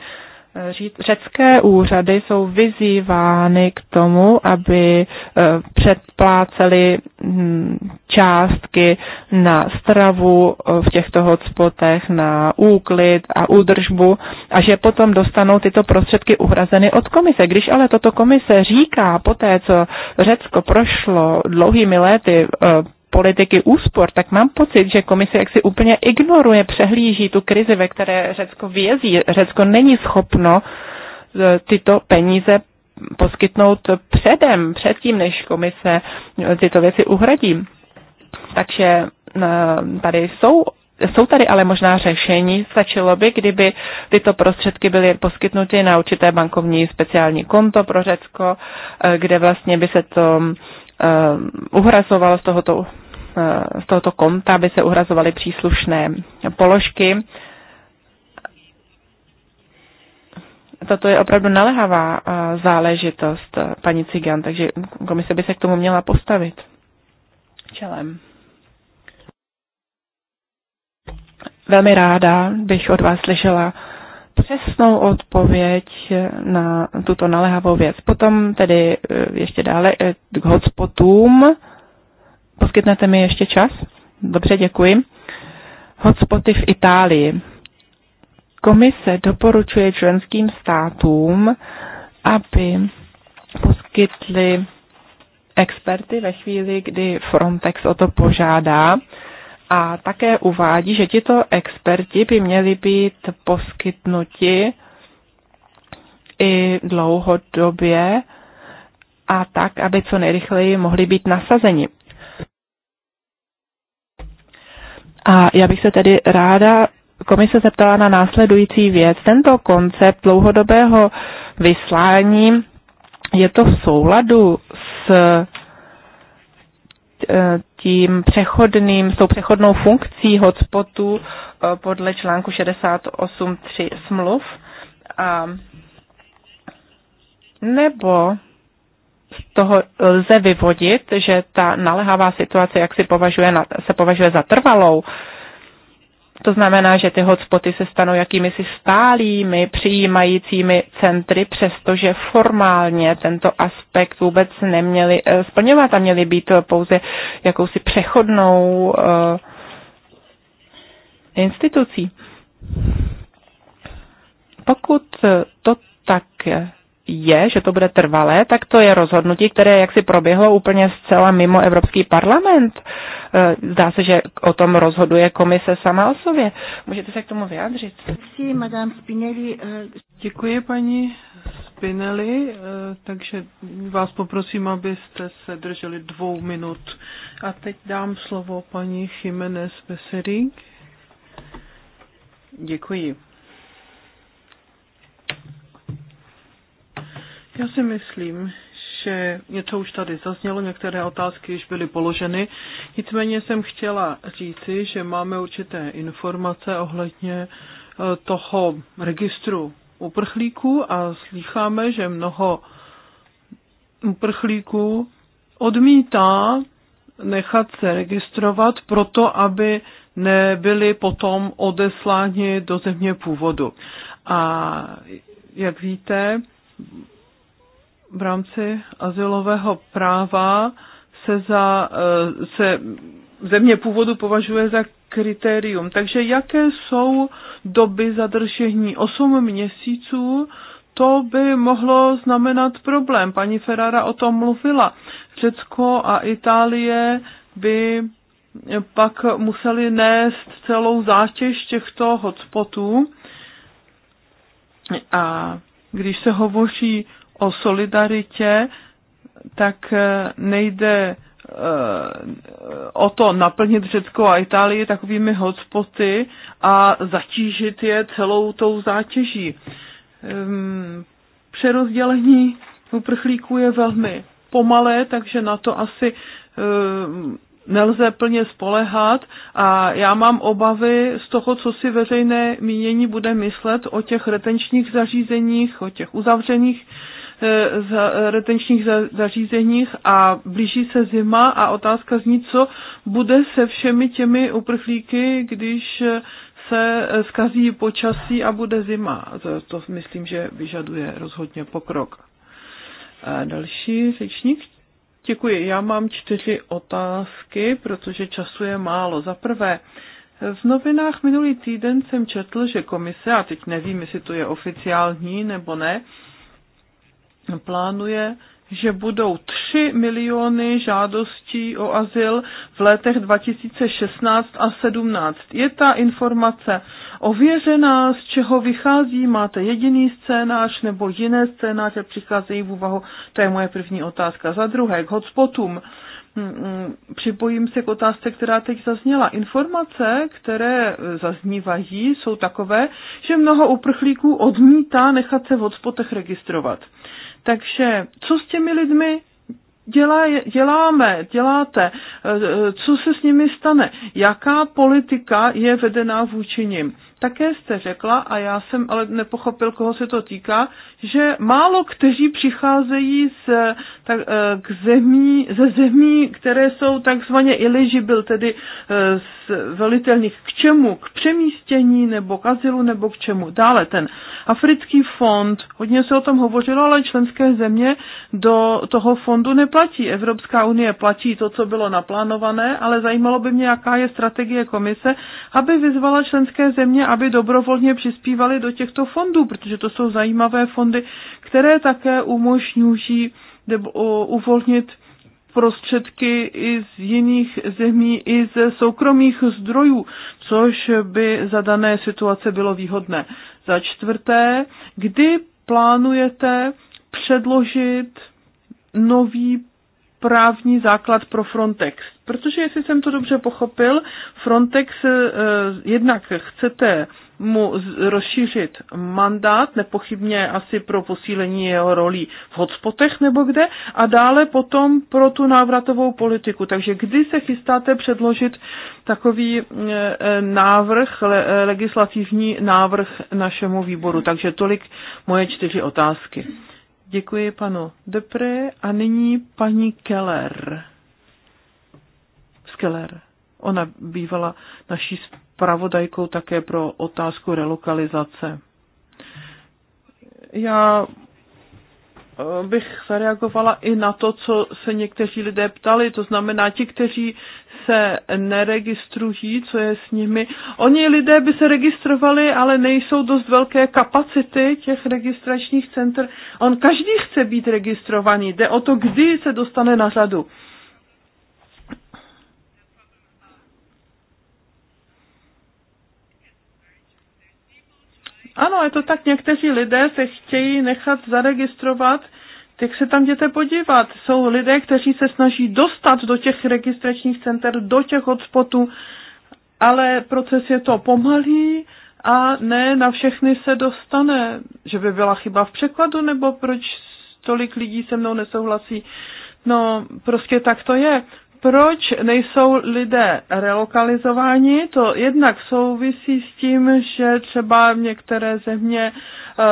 řecké úřady jsou vyzývány k tomu, aby eh, předpláceli hm, částky na stravu eh, v těchto hotspotech, na úklid a údržbu a že potom dostanou tyto prostředky uhrazeny od komise. Když ale toto komise říká po té, co Řecko prošlo dlouhými léty eh, politiky úspor, tak mám pocit, že komise jaksi úplně ignoruje, přehlíží tu krizi, ve které Řecko vězí. Řecko není schopno e, tyto peníze poskytnout předem, předtím, než komise e, tyto věci uhradí. Takže e, tady jsou jsou tady ale možná řešení. Stačilo by, kdyby tyto prostředky byly poskytnuty na určité bankovní speciální konto pro Řecko, kde vlastně by se to uhrazovalo z tohoto z tohoto konta by se uhrazovaly příslušné položky. Toto je opravdu nalehavá záležitost, paní Cigan, takže komise by se k tomu měla postavit čelem. Velmi ráda bych od vás slyšela přesnou odpověď na tuto nalehavou věc. Potom tedy e, ještě dále e, k hotspotům. Poskytnete mi ještě čas? Dobře, děkuji. Hotspoty v Itálii. Komise doporučuje členským státům, aby poskytli experty ve chvíli, kdy Frontex o to požádá. A také uvádí, že tito experti by měli být poskytnuti i dlouhodobě a tak, aby co nejrychleji mohli být nasazeni. A já bych se tedy ráda komise zeptala na následující věc. Tento koncept dlouhodobého vyslání je to v souladu s eh, tím přechodným, s tou přechodnou funkcí hotspotu eh, podle článku 68.3 smluv. A nebo z toho lze vyvodit, že ta naléhavá situace, jak si považuje, se považuje za trvalou, to znamená, že ty hotspoty se stanou jakýmisi stálými přijímajícími centry, přestože formálně tento aspekt vůbec neměli eh, splňovat a měly být pouze jakousi přechodnou eh, institucí. Pokud to tak je, že to bude trvalé, tak to je rozhodnutí, které jaksi proběhlo úplně zcela mimo Evropský parlament. E, zdá se, že o tom rozhoduje komise sama o sobě. Můžete se k tomu vyjádřit? E, Děkuji, paní Spinelli, e, takže vás poprosím, abyste se drželi dvou minut. A teď dám slovo paní Jiménez Beserik. Děkuji. Já si myslím, že něco už tady zaznělo, některé otázky již byly položeny. Nicméně jsem chtěla říci, že máme určité informace ohledně e, toho registru uprchlíků a slycháme, že mnoho uprchlíků odmítá nechat se registrovat proto, aby nebyli potom odesláni do země původu. A jak víte, v rámci asilového práva se za eh, se země původu považuje za kritérium. Takže jaké jsou doby zadržení? 8 měsíců, to by mohlo znamenat problém. Paní Ferrara o tom mluvila. Řecko a Itálie by pak museli nést celou zátěž těchto hotspotů. A když se hovoří o solidaritě, tak eh, nejde eh, o to naplnit Řecko a Itálii takovými hotspoty a zatížit je celou tou zátěží. Ehm, přerozdělení uprchlíků je velmi pomalé, takže na to asi ehm, nelze plně spolehat a já mám obavy z toho, co si veřejné mínění bude myslet o těch retenčních zařízeních, o těch uzavřených E, e, retenčních zařízeních a blíží se zima a otázka zní, co bude se všemi těmi uprchlíky, když se zkazí počasí a bude zima. To, to myslím, že vyžaduje rozhodně pokrok. A další řečník. Děkuji. Já mám čtyři otázky, protože času je málo. Za prvé, v novinách minulý týden jsem četl, že komise, a teď nevím, jestli to je oficiální nebo ne, plánuje, že budou 3 miliony žádostí o azyl v letech 2016 a 17. Je ta informace ověřená, z čeho vychází? Máte jediný scénář nebo jiné scénáře přicházejí v úvahu? To je moje první otázka. Za druhé, k hotspotům hmm, hmm, připojím se k otázce, která teď zazněla. Informace, které zaznívají, jsou takové, že mnoho uprchlíků odmítá nechat se v hotspotech registrovat. Takže co s těmi lidmi dělá, děláme, děláte, e, e, co se s nimi stane, jaká politika je vedená vůči nim. Také jste řekla, a já jsem ale nepochopil, koho se to týká, že málo kteří přicházejí z, tak, eh, k zemí, ze zemí, které jsou takzvaně eligible, tedy eh, z velitelných k čemu? K přemístění nebo k azylu nebo k čemu? Dále ten Africký fond, hodně se o tom hovořilo, ale členské země do toho fondu neplatí. Evropská unie platí to, co bylo naplánované, ale zajímalo by mě, jaká je strategie komise, aby vyzvala členské země, aby dobrovolně přispívali do těchto fondů, protože to jsou zajímavé fondy, které také umožňují uvolnit prostředky i z jiných zemí, i ze soukromých zdrojů, což by za dané situace bylo výhodné. Za čtvrté, kdy plánujete předložit nový právní základ pro Frontex? Protože, jestli jsem to dobře pochopil, Frontex eh, jednak chcete mu rozšířit mandát, nepochybně asi pro posílení jeho rolí v hotspotech nebo kde, a dále potom pro tu návratovou politiku. Takže kdy se chystáte předložit takový eh, návrh, legislativní návrh našemu výboru? Takže tolik moje čtyři otázky. Děkuji panu Depre a nyní paní Keller. Keller. Ona bývala naší spravodajkou také pro otázku relokalizace. Já eh, bych zareagovala i na to, co se někteří lidé ptali, to znamená ti, kteří se neregistrují, co je s nimi. Oni lidé by se registrovali, ale nejsou dost velké kapacity těch registračních center. On každý chce být registrovaný, jde o to, kdy se dostane na řadu. Ano, je to tak, někteří lidé se chtějí nechat zaregistrovat, tak se tam jděte podívat. Jsou lidé, kteří se snaží dostat do těch registračních center, do těch hotspotů, ale proces je to pomalý a ne na všechny se dostane. Že by byla chyba v překladu, nebo proč tolik lidí se mnou nesouhlasí. No, prostě tak to je proč nejsou lidé relokalizováni, to jednak souvisí s tím, že třeba některé země eh,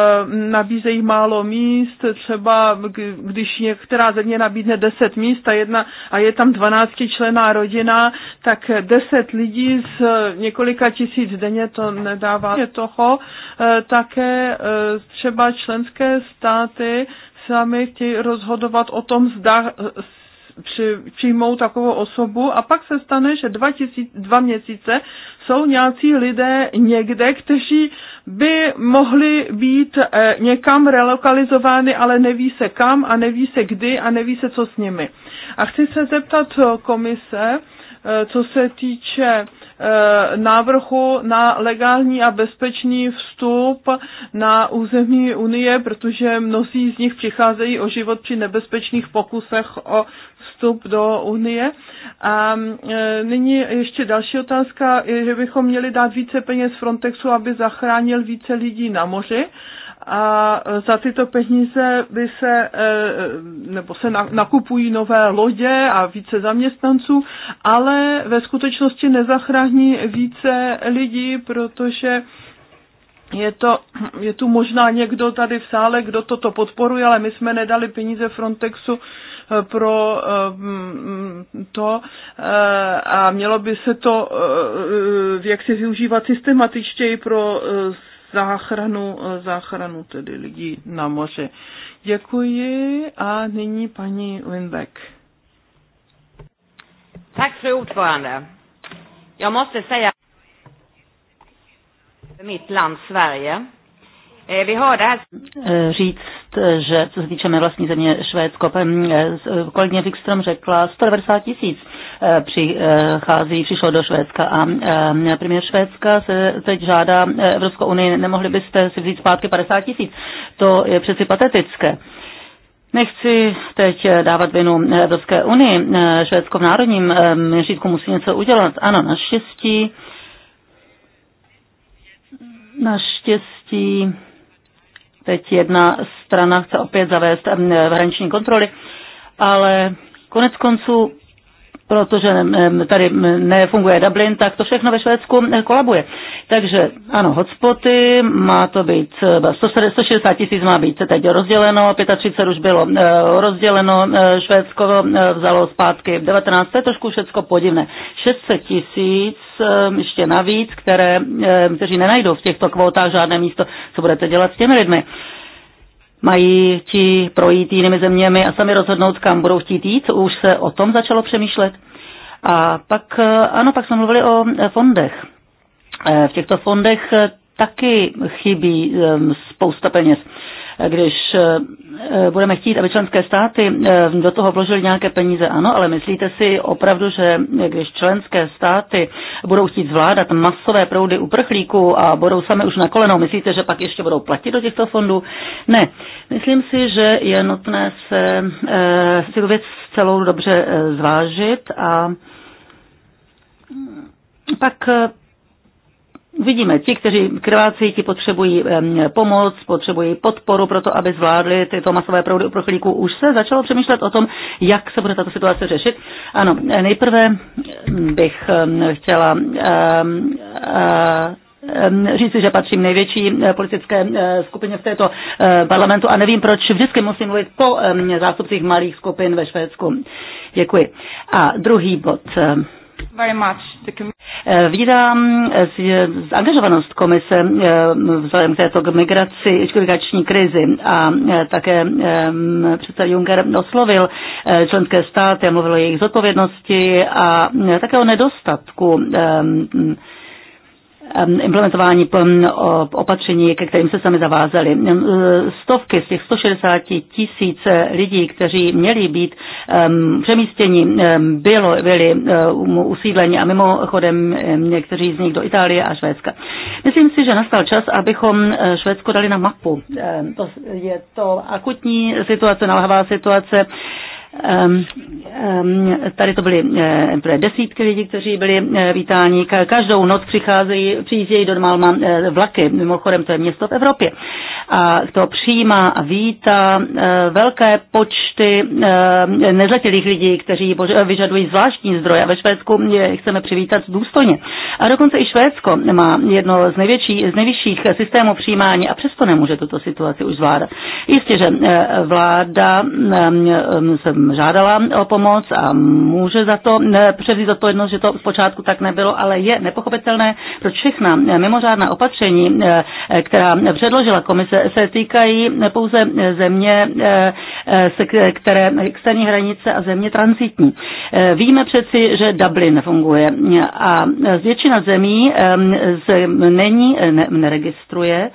nabízejí málo míst, třeba když některá země nabídne 10 míst a, jedna, a je tam 12 člená rodina, tak 10 lidí z několika tisíc denně to nedává Je toho. Eh, také eh, třeba členské státy sami chtějí rozhodovat o tom, zda při, přijmou takovou osobu a pak se stane, že dva, tisíc, dva měsíce jsou nějací lidé někde, kteří by mohli být e, někam relokalizovány, ale neví se kam a neví se kdy a neví se co s nimi. A chci se zeptat eh, komise, eh, co se týče návrhu na legální a bezpečný vstup na území Unie, protože mnozí z nich přicházejí o život při nebezpečných pokusech o vstup do Unie. A e, nyní ještě další otázka, je, že bychom měli dát více peněz Frontexu, aby zachránil více lidí na moři a e, za tyto peníze by se, e, nebo se nakupují nové lodě a více zaměstnanců, ale ve skutečnosti nezachrání více lidí, protože je, to, je tu možná někdo tady v sále, kdo toto podporuje, ale my jsme nedali peníze Frontexu pro eh, to eh, a mělo by se to eh, jak si využívat systematičtěji pro záchranu, záchranu tedy lidí na moři. Děkuji a nyní paní Winbeck. Tack fru ordförande. Jag måste säga mitt land Sverige Eh, eh, říct, že co se týče mé vlastní země Švédsko, eh, kolegyně Wikström řekla 190 tisíc přichází, přišlo do Švédska a premiér Švédska se teď žádá Evropskou unii, nemohli byste si vzít zpátky 50 tisíc. To je přeci patetické. Nechci teď dávat vinu Evropské unii. Švédsko v národním měřítku musí něco udělat. Ano, naštěstí. Naštěstí Teď jedna strana chce opět zavést mm, hraniční kontroly, ale konec konců protože tady nefunguje Dublin, tak to všechno ve Švédsku kolabuje. Takže ano, hotspoty, má to být, 160 eh, tisíc má být teď rozděleno, 35 už bylo eh, rozděleno, eh, Švédsko vzalo zpátky 19, to je trošku všecko podivné. 600 tisíc ještě navíc, které, kteří nenajdou v těchto kvótách žádné místo, co budete dělat s těmi lidmi mají ti projít jinými zeměmi a sami rozhodnout, kam budou chtít jít. Už se o tom začalo přemýšlet. A pak, eh, ano, pak jsme mluvili o eh, fondech. Eh, v těchto fondech taky chybí spousta peněz. Když eh, eh, budeme chtít, aby členské státy eh, do toho vložily nějaké peníze, ano, ale myslíte si opravdu, že když členské státy budou chtít zvládat masové proudy uprchlíků a budou sami už na kolenou, myslíte, že pak ještě budou platit do těchto fondů? Ne. Myslím si, že je nutné se, si tu věc celou dobře zvážit a pak uvidíme. Ti, kteří krvácejí, ti potřebují pomoc, potřebují podporu pro to, aby zvládli tyto masové proudy uprchlíků. Už se začalo přemýšlet o tom, jak se bude tato situace řešit. Ano, nejprve bych chtěla říci, že patřím největší politické skupině v této parlamentu a nevím, proč vždycky musím mluvit po zástupcích malých skupin ve Švédsku. Děkuji. A druhý bod. Eh, vítám zaangažovanost eh, komise eh, vzhledem k této migraci, migrační krizi a také předseda Juncker oslovil členské státy a mluvil o jejich zodpovědnosti a také o nedostatku Um, implementování um, opatření, ke kterým se sami zavázali. Um, stovky z těch 160 tisíc lidí, kteří měli být přemístěni, bylo, byli usídleni a mimochodem někteří z nich do Itálie a Švédska. Myslím si, že nastal čas, abychom uh, Švédsko dali na mapu. To je to akutní situace, nalhavá situace. Ehm, ehm, tady to byly eh, desítky lidí, kteří byli eh, vítáni. Každou noc přicházejí, přijíždějí do Malma eh, vlaky. Mimochodem, to je město v Evropě. A to přijímá a vítá velké počty nezletilých lidí, kteří vyžadují zvláštní zdroje. A ve Švédsku je chceme přivítat důstojně. A dokonce i Švédsko má jedno z, největší, z nejvyšších systémů přijímání a přesto nemůže tuto situaci už zvládat. Jistě, že vláda ehm, se žádala o pomoc a může za to převzít jedno, že to zpočátku tak nebylo, ale je nepochopitelné, proč všechna mimořádná opatření, eh, která předložila komise, se týkají pouze země, eh, které externí hranice a země transitní. Eh, víme přeci, že Dublin funguje a většina zemí není, neregistruje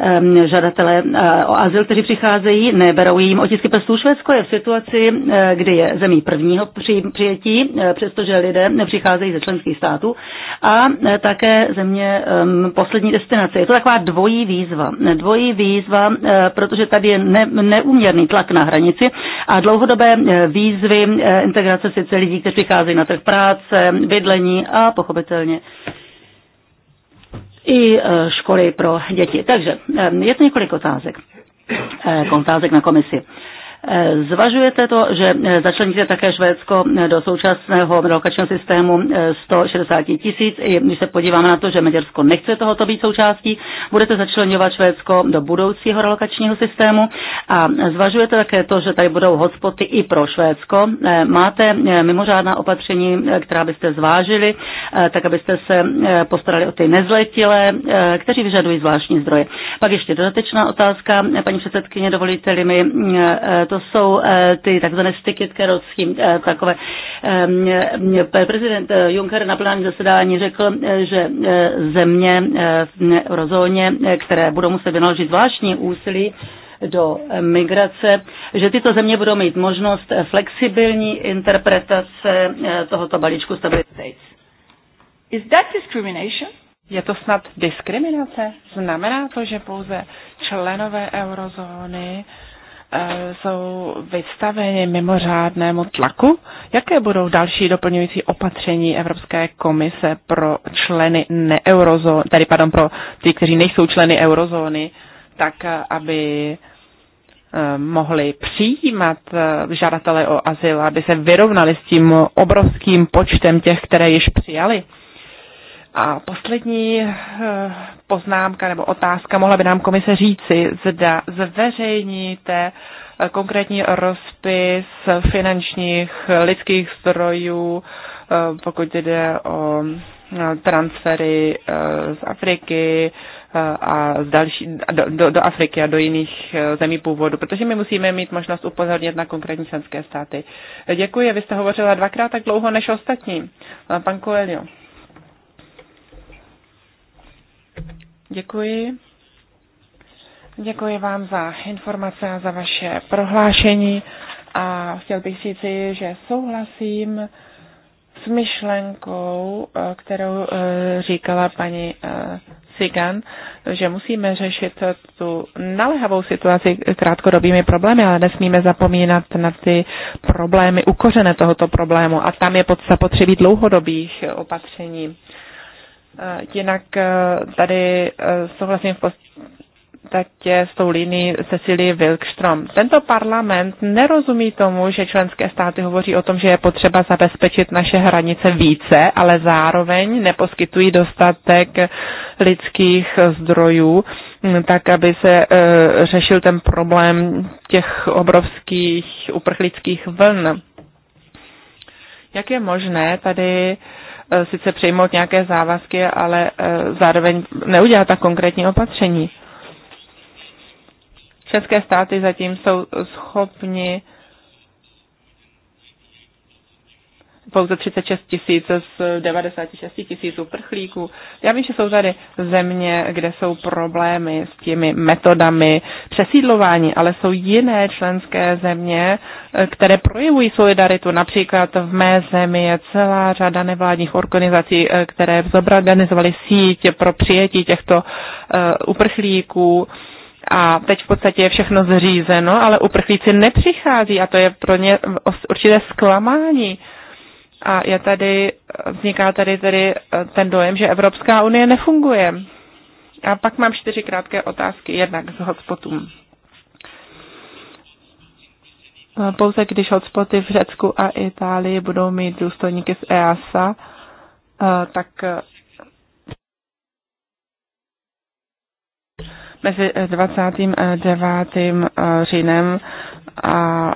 Ehm, žadatelé eh, o azyl, kteří přicházejí, neberou jim otisky prstů. Švédsko je v situaci, eh, kdy je zemí prvního přijetí, eh, přestože lidé přicházejí ze členských států a také země ehm, poslední destinace. Je to taková dvojí výzva. Dvojí výzva, protože tady je ne, neuměrný tlak na hranici a dlouhodobé výzvy integrace sice lidí, kteří přicházejí na trh práce, bydlení a pochopitelně i e, školy pro děti. Takže e, je to několik otázek. E, otázek na komisi. Zvažujete to, že eh, začleníte také Švédsko eh, do současného relokačního systému 160 eh, tisíc, i když se podíváme na to, že Maďarsko nechce tohoto být součástí, budete začlenovat Švédsko do budoucího relokačního systému a zvažujete také to, že tady budou hotspoty i pro Švédsko. Máte mimořádná opatření, která byste zvážili, tak abyste se postarali o ty nezletilé, kteří vyžadují zvláštní zdroje. Pak ještě dodatečná otázka, paní předsedkyně, dovolíte-li mi to jsou eh, ty takzvané sticky carrotsky, eh, takové. Eh, prezident Juncker na plánu zasedání řekl, že země v eurozóně, které budou muset vynaložit zvláštní úsilí, do migrace, že tyto země budou mít možnost flexibilní interpretace tohoto balíčku stability. Is that discrimination? Je to snad diskriminace? Znamená to, že pouze členové eurozóny Eh, jsou vystaveni mimořádnému tlaku? Jaké budou další doplňující opatření Evropské komise pro členy neeurozóny, tedy pardon, pro ty, kteří nejsou členy eurozóny, tak eh, aby eh, mohli přijímat žadatele o azyl, aby se vyrovnali s tím obrovským počtem těch, které již přijali? A poslední eh, poznámka nebo otázka, mohla by nám komise říci, zda zveřejníte eh, konkrétní rozpis finančních eh, lidských zdrojů, pokud jde o transfery z Afriky a z další, do, do Afriky a do jiných zemí původu, protože my musíme mít možnost upozornit na konkrétní členské státy. Děkuji, vy jste hovořila dvakrát tak dlouho než ostatní. Pan Coelho. Děkuji. Děkuji vám za informace a za vaše prohlášení a chtěl bych říci, že souhlasím s myšlenkou, eh, kterou eh, říkala paní eh, Sigan, že musíme řešit tu naléhavou situaci krátkodobými problémy, ale nesmíme zapomínat na ty problémy, ukořené tohoto problému a tam je zapotřebí dlouhodobých opatření. Eh, jinak eh, tady eh, souhlasím v podstatě s tou linií Cecily Wilkstrom. Tento parlament nerozumí tomu, že členské státy hovoří o tom, že je potřeba zabezpečit naše hranice více, ale zároveň neposkytují dostatek lidských zdrojů, hm, tak aby se řešil ten problém těch obrovských uprchlických vln. Jak je možné tady uh, E, sice přejmout nějaké závazky, ale e, zároveň neudělat tak konkrétní opatření. České státy zatím jsou schopni pouze 36 tisíc z 96 tisíc uprchlíků. Já vím, že jsou tady země, kde jsou problémy s těmi metodami přesídlování, ale jsou jiné členské země, které projevují solidaritu. Například v mé zemi je celá řada nevládních organizací, eh, které zorganizovaly síť pro přijetí těchto eh, uprchlíků a teď v podstatě je všechno zřízeno, ale uprchlíci nepřichází a to je pro ně určité zklamání. A je tady, vzniká tady tedy eh, ten dojem, že Evropská unie nefunguje. A pak mám čtyři krátké otázky, jednak z hotspotům. Eh, pouze když hotspoty v Řecku a Itálii budou mít důstojníky z EASA, eh, tak mezi 29. říjnem a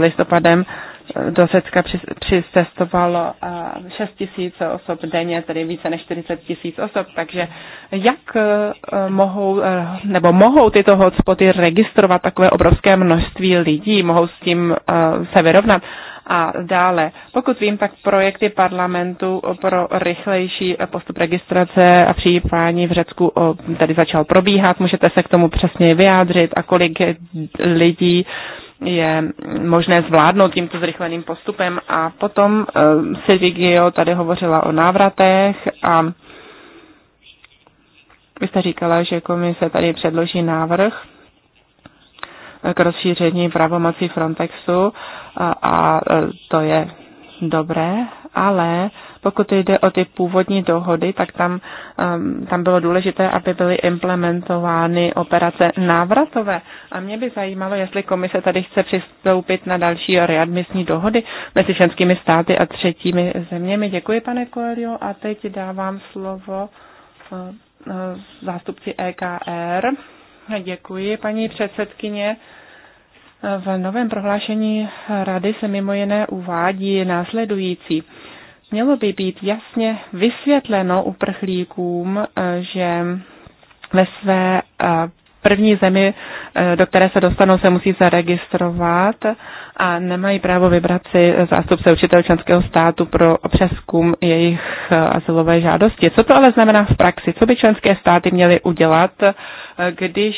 listopadem do Řecka přicestovalo 6 eh, tisíc osob denně, tedy více než 40 tisíc osob. Takže jak eh, mohou, eh, nebo mohou tyto hotspoty registrovat takové obrovské množství lidí, mohou s tím se vyrovnat? A dále, pokud vím, tak projekty parlamentu pro rychlejší postup registrace a přijímání v Řecku tady začal probíhat. Můžete se k tomu přesně vyjádřit a kolik lidí je možné zvládnout tímto zrychleným postupem. A potom eh, Silvigio tady hovořila o návratech a vy jste říkala, že komise tady předloží návrh eh, k rozšíření pravomocí Frontexu eh, a, a to je dobré, ale pokud jde o ty původní dohody, tak tam, um, tam bylo důležité, aby byly implementovány operace návratové. A mě by zajímalo, jestli komise tady chce přistoupit na další readmisní dohody mezi členskými státy a třetími zeměmi. Děkuji, pane Coelho, a teď dávám slovo uh, uh, zástupci EKR. Děkuji, paní předsedkyně. V novém prohlášení rady se mimo jiné uvádí následující. Mělo by být jasně vysvětleno uprchlíkům, eh, že ve své eh, první zemi, eh, do které se dostanou, se musí zaregistrovat a nemají právo vybrat si zástupce určitého členského státu pro přeskum jejich eh, asilové žádosti. Co to ale znamená v praxi? Co by členské státy měly udělat, eh, když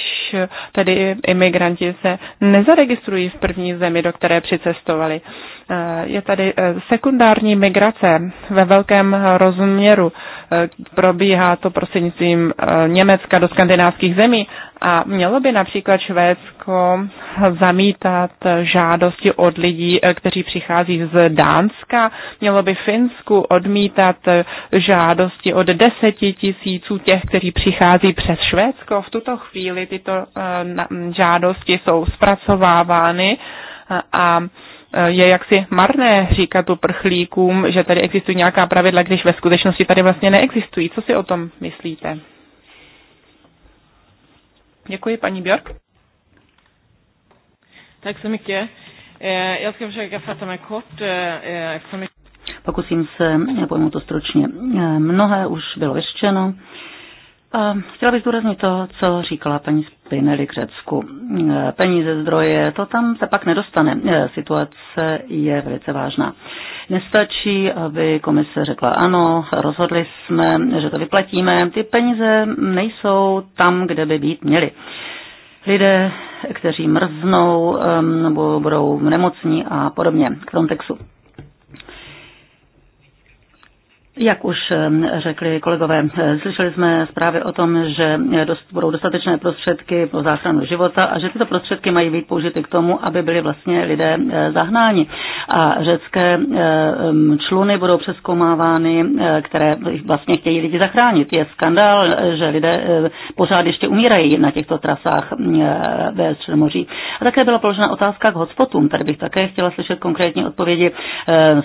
tedy imigranti se nezaregistrují v první zemi, do které přicestovali? Je tady sekundární migrace ve velkém rozměru. Eh, probíhá to prostřednictvím eh, Německa do skandinávských zemí a mělo by například Švédsko zamítat žádosti od lidí, eh, kteří přichází z Dánska, mělo by Finsku odmítat žádosti od deseti tisíců těch, kteří přichází přes Švédsko. V tuto chvíli tyto žádosti jsou zpracovávány a Eh, je jaksi marné říkat uprchlíkům, že tady existují nějaká pravidla, když ve skutečnosti tady vlastně neexistují. Co si o tom myslíte? Děkuji, paní Björk. Tak se mi eh, Já jsem försöka fatta mig kort mi... Pokusím se eh, pojmout to stručně. Mnohé už bylo vyřčeno chtěla bych zdůraznit to, co říkala paní Spinelli k Řecku. Peníze, zdroje, to tam se pak nedostane. Situace je velice vážná. Nestačí, aby komise řekla ano, rozhodli jsme, že to vyplatíme. Ty peníze nejsou tam, kde by být měly. Lidé, kteří mrznou nebo budou nemocní a podobně k Frontexu. Jak už ehm, řekli kolegové, eh, slyšeli jsme zprávy o tom, že eh, dost, budou dostatečné prostředky pro záchranu života a že tyto prostředky mají být použity k tomu, aby byli vlastně lidé eh, zahnáni. A řecké ehm, čluny budou přeskoumávány, které vlastně chtějí lidi zachránit. Je skandál, že lidé pořád ještě umírají na těchto trasách mm, ve Středomoří. A také byla položena otázka k hotspotům. Tady bych také chtěla slyšet konkrétní odpovědi.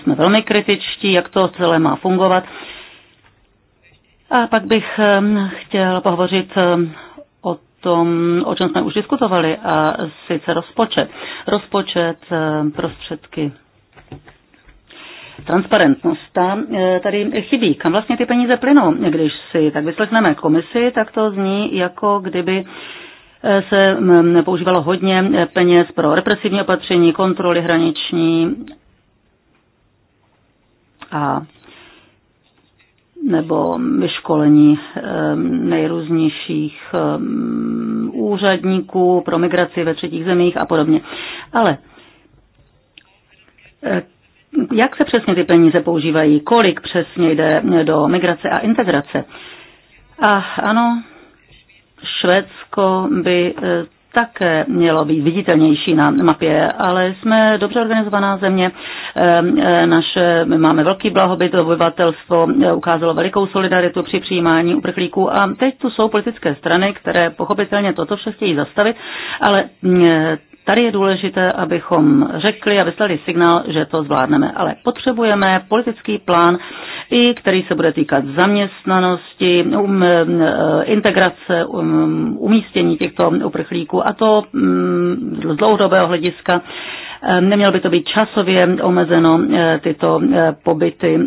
Jsme velmi kritičtí, jak to celé má fungovat stát. A pak bych chtěl pohovořit o tom, o čem jsme už diskutovali, a sice rozpočet. Rozpočet prostředky transparentnost. Ta e, tady chybí. Kam vlastně ty peníze plynou? Když si tak vyslechneme komisi, tak to zní jako kdyby e, se používalo hodně peněz pro represivní opatření, kontroly hraniční a nebo vyškolení ehm, nejrůznějších ehm, úřadníků pro migraci ve třetích zemích a podobně. Ale eh, jak se přesně ty peníze používají, kolik přesně jde do migrace a integrace. A ano, Švédsko by eh, také mělo být viditelnější na mapě, ale jsme dobře organizovaná země, ehm, eh, naše, máme velký blahobyt, obyvatelstvo eh, ukázalo velikou solidaritu při přijímání uprchlíků a teď tu jsou politické strany, které pochopitelně toto vše chtějí zastavit, ale mm, eh, Tady je důležité, abychom řekli a vyslali signál, že to zvládneme, ale potřebujeme politický plán, i který se bude týkat zaměstnanosti, um, eh, integrace, um, umístění těchto uprchlíků a to um, z dlouhodobého hlediska. Eh, nemělo by to být časově omezeno eh, tyto pobyty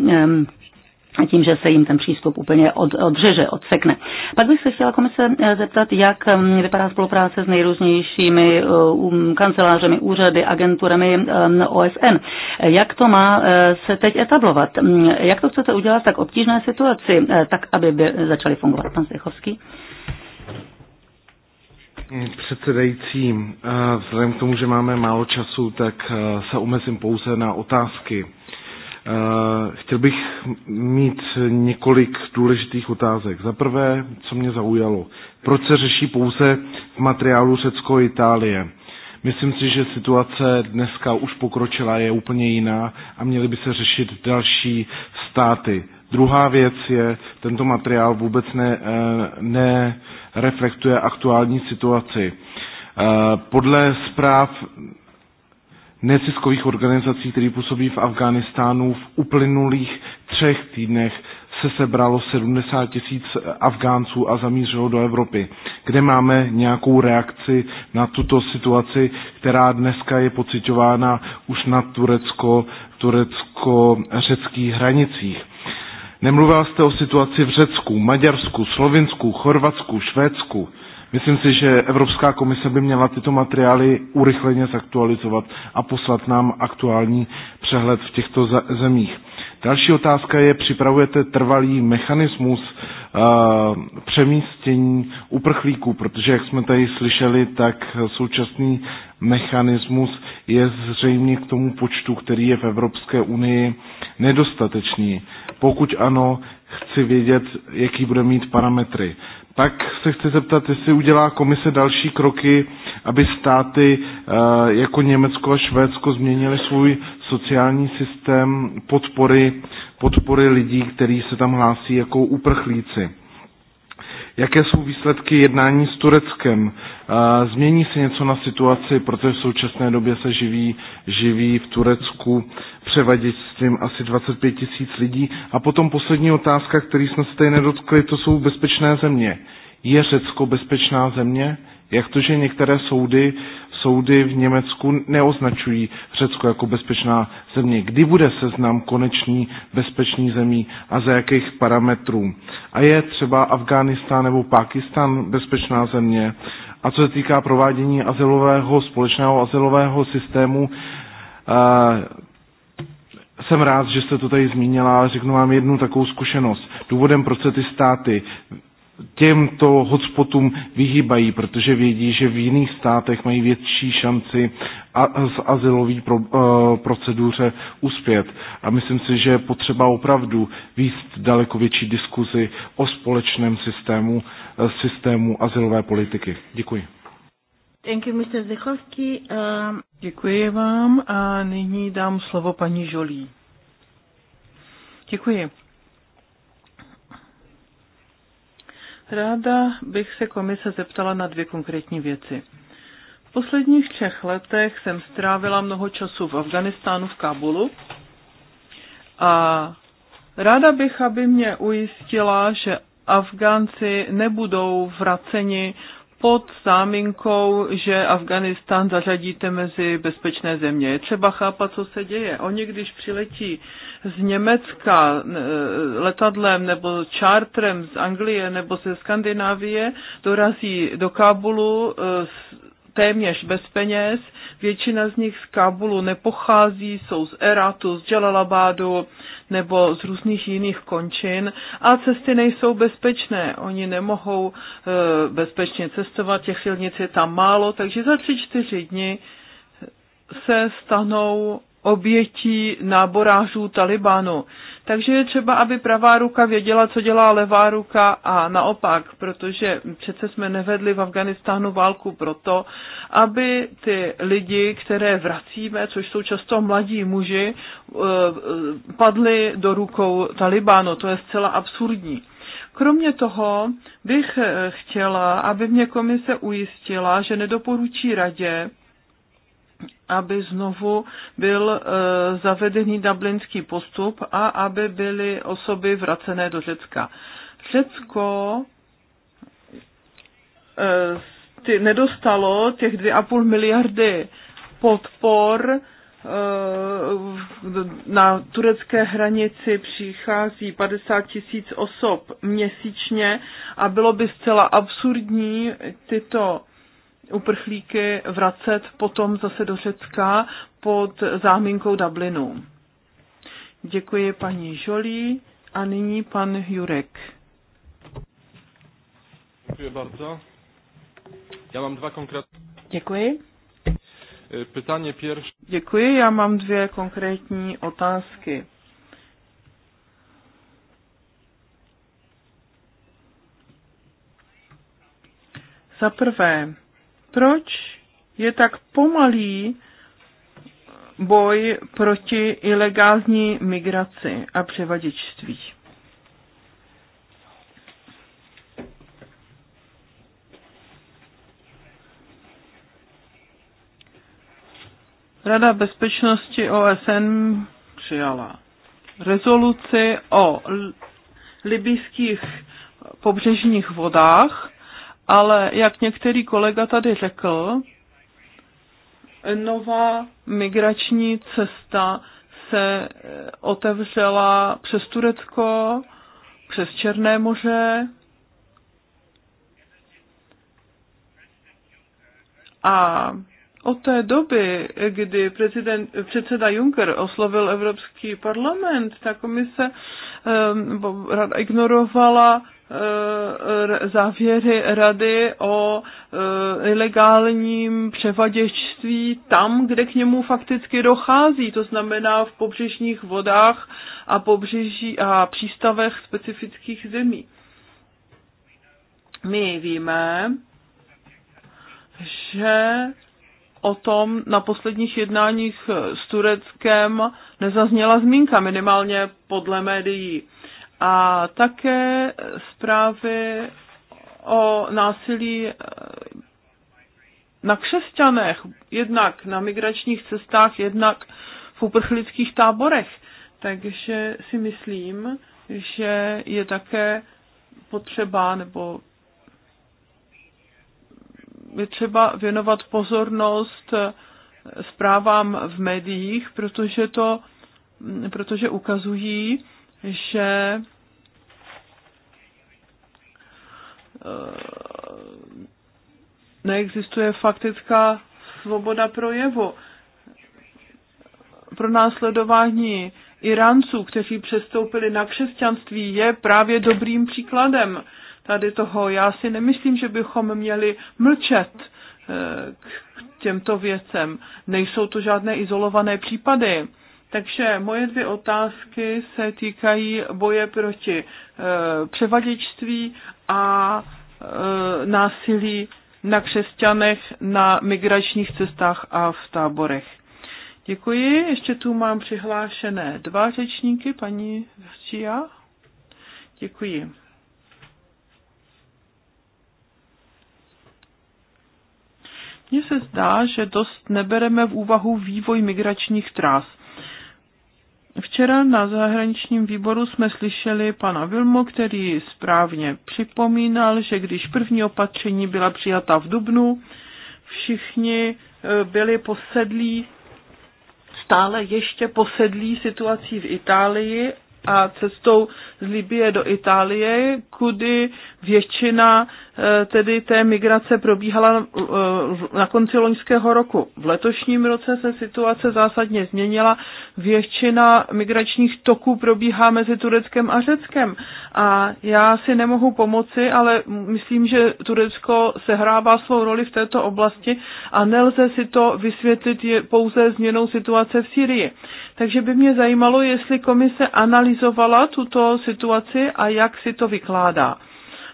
a tím, že se jim ten přístup úplně od, odřeže, odsekne. Pak bych se chtěla komise eh, zeptat, jak mm, vypadá spolupráce s nejrůznějšími eh, um, kancelářemi, úřady, agenturami mm, OSN. Jak to má eh, se teď etablovat? Mm, jak to chcete udělat v tak obtížné situaci, tak aby by začaly fungovat? Pan Zdechovský? Předsedající, vzhledem k tomu, že máme málo času, tak se omezím pouze na otázky Eh, chtěl bych mít několik důležitých otázek. Za prvé, co mě zaujalo, proč se řeší pouze v materiálu Řecko a Itálie? Myslím si, že situace dneska už pokročila, je úplně jiná a měly by se řešit další státy. Druhá věc je, tento materiál vůbec ne, eh, nereflektuje aktuální situaci. Eh, podle zpráv neziskových organizací, které působí v Afghánistánu v uplynulých třech týdnech se sebralo 70 tisíc Afgánců a zamířilo do Evropy. Kde máme nějakou reakci na tuto situaci, která dneska je pocitována už na Turecko, turecko-řeckých hranicích? Nemluvila jste o situaci v Řecku, Maďarsku, Slovinsku, Chorvatsku, Švédsku. Myslím si, že Evropská komise by měla tyto materiály urychleně zaktualizovat a poslat nám aktuální přehled v těchto zemích. Další otázka je, připravujete trvalý mechanismus eh, přemístění uprchlíků, protože jak jsme tady slyšeli, tak současný mechanismus je zřejmě k tomu počtu, který je v Evropské unii nedostatečný. Pokud ano, chci vědět, jaký bude mít parametry tak se chci zeptat, jestli udělá komise další kroky, aby státy eh, jako Německo a Švédsko změnili svůj sociální systém podpory, podpory lidí, kteří se tam hlásí jako uprchlíci. Jaké jsou výsledky jednání s Tureckem? Změní se něco na situaci, protože v současné době se živí, živí v Turecku tím asi 25 tisíc lidí. A potom poslední otázka, který jsme se tady nedotkli, to jsou bezpečné země. Je Řecko bezpečná země? Jak to, že některé soudy soudy v Německu neoznačují Řecko jako bezpečná země. Kdy bude seznam konečný bezpečný zemí a za jakých parametrů? A je třeba Afghánistán nebo Pákistán bezpečná země? A co se týká provádění azylového, společného azylového systému, eh, jsem rád, že jste to tady zmínila, ale řeknu vám jednu takovou zkušenost. Důvodem, proč se ty státy těmto hotspotům vyhýbají, protože vědí, že v jiných státech mají větší šanci z azylové pro, e, proceduře uspět. A myslím si, že je potřeba opravdu výst daleko větší diskuzi o společném systému, eh, systému azylové politiky. Děkuji. Thank you, Mr. Zdechovský. Um, Děkuji vám a nyní dám slovo paní Žolí. Děkuji. Ráda bych se komise zeptala na dvě konkrétní věci. V posledních třech letech jsem strávila mnoho času v Afganistánu v Kábulu a ráda bych, aby mě ujistila, že Afgánci nebudou vraceni pod záminkou, že Afganistán zařadíte mezi bezpečné země. Je třeba chápat, co se děje. Oni, když přiletí z Německa e, letadlem nebo čártrem z Anglie nebo ze Skandinávie dorazí do Kábulu e, téměř bez peněz. Většina z nich z Kábulu nepochází, jsou z Eratu, z Jalalabadu nebo z různých jiných končin a cesty nejsou bezpečné. Oni nemohou e, bezpečně cestovat, těch silnic je tam málo, takže za tři, čtyři dny se stanou obětí náborářů Talibánu. Takže je třeba, aby pravá ruka věděla, co dělá levá ruka a naopak, protože přece jsme nevedli v Afganistánu válku proto, aby ty lidi, které vracíme, což jsou často mladí muži, eh, padli do rukou Talibánu. To je zcela absurdní. Kromě toho bych eh, chtěla, aby mě komise ujistila, že nedoporučí radě, aby znovu byl eh, zavedený dublinský postup a aby byly osoby vracené do Řecka. Řecko eh, ty nedostalo těch 2,5 miliardy podpor eh, na turecké hranici přichází 50 tisíc osob měsíčně a bylo by zcela absurdní tyto uprchlíky vracet potom zase do Řecka pod záminkou Dublinu. Děkuji paní Žolí a nyní pan Jurek. Děkuji bardzo. Já mám dva konkrétní. Děkuji. E, pytanie pierwsze. Děkuji, já mám dvě konkrétní otázky. Za prvé, proč je tak pomalý boj proti ilegální migraci a převaděčství. Rada bezpečnosti OSN přijala rezoluci o libyských pobřežních vodách ale jak některý kolega tady řekl, nová migrační cesta se eh, otevřela přes Turecko, přes Černé moře a od té doby, kdy prezident, předseda Juncker oslovil Evropský parlament, ta komise Ehm, ignorovala eh, závěry rady o eh, ilegálním převaděčství tam, kde k němu fakticky dochází, to znamená v pobřežních vodách a, pobřeží a přístavech specifických zemí. My víme, že o tom na posledních jednáních s Tureckem nezazněla zmínka, minimálně podle médií. A také zprávy o násilí eh, na křesťanech, jednak na migračních cestách, jednak v uprchlických táborech. Takže si myslím, že je také potřeba nebo je třeba věnovat pozornost zprávám v médiích, protože to protože ukazují, že eh, neexistuje faktická svoboda projevu. Pro následování Iránců, kteří přestoupili na křesťanství, je právě dobrým příkladem tady toho. Já si nemyslím, že bychom měli mlčet eh, k těmto věcem. Nejsou to žádné izolované případy. Takže moje dvě otázky se týkají boje proti eh, převaděčství a eh, násilí na křesťanech na migračních cestách a v táborech. Děkuji. Ještě tu mám přihlášené dva řečníky, paní Vrčia. Děkuji. Mně se zdá, že dost nebereme v úvahu vývoj migračních tras. Včera na zahraničním výboru jsme slyšeli pana Vilmo, který správně připomínal, že když první opatření byla přijata v Dubnu, všichni e, byli posedlí, stále ještě posedlí situací v Itálii a cestou z Libie do Itálie, kudy většina eh, tedy té migrace probíhala eh, na konci loňského roku. V letošním roce se situace zásadně změnila. Většina migračních toků probíhá mezi Tureckem a Řeckem. A já si nemohu pomoci, ale myslím, že Turecko sehrává svou roli v této oblasti a nelze si to vysvětlit pouze změnou situace v Syrii. Takže by mě zajímalo, jestli komise analyzovala tuto situaci a jak si to vykládá.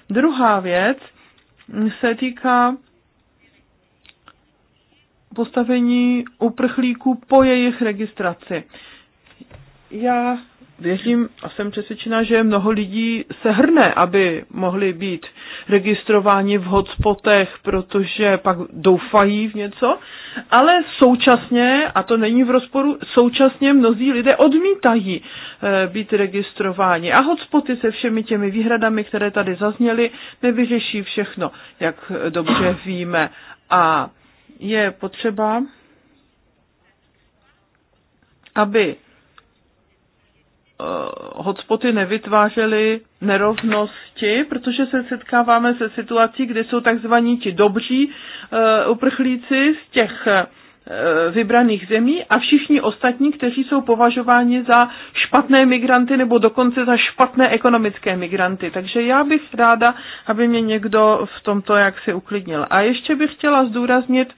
Druhá věc se týká postavení uprchlíků po jejich registraci. Já věřím a jsem přesvědčena, že mnoho lidí se hrne, aby mohli být registrováni v hotspotech, protože pak doufají v něco, ale současně, a to není v rozporu, současně mnozí lidé odmítají eh, být registrováni. A hotspoty se všemi těmi výhradami, které tady zazněly, nevyřeší všechno, jak dobře víme. A je potřeba, aby Eh, hotspoty nevytvářely nerovnosti, protože se setkáváme se situací, kdy jsou takzvaní ti dobří eh, uprchlíci z těch eh, vybraných zemí a všichni ostatní, kteří jsou považováni za špatné migranty nebo dokonce za špatné ekonomické migranty. Takže já bych ráda, aby mě někdo v tomto jaksi uklidnil. A ještě bych chtěla zdůraznit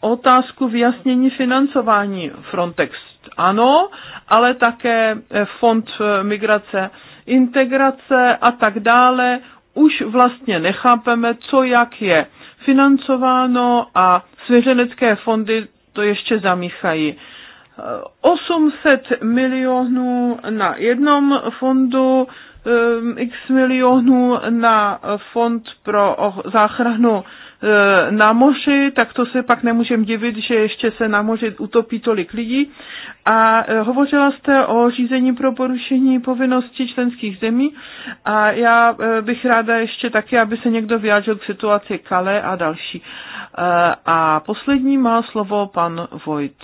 otázku vyjasnění financování Frontex. Ano, ale také eh, fond eh, migrace, integrace a tak dále. Už vlastně nechápeme, co jak je financováno a svěřenecké fondy to ještě zamíchají. 800 eh, milionů na jednom fondu, x milionů na fond pro záchranu E, na moři, tak to se pak nemůžeme divit, že ještě se na moři utopí tolik lidí. A e, hovořila jste o řízení pro porušení povinností členských zemí a já e, bych ráda ještě taky, aby se někdo vyjádřil k situaci Kale a další. A poslední má slovo pan Vojt.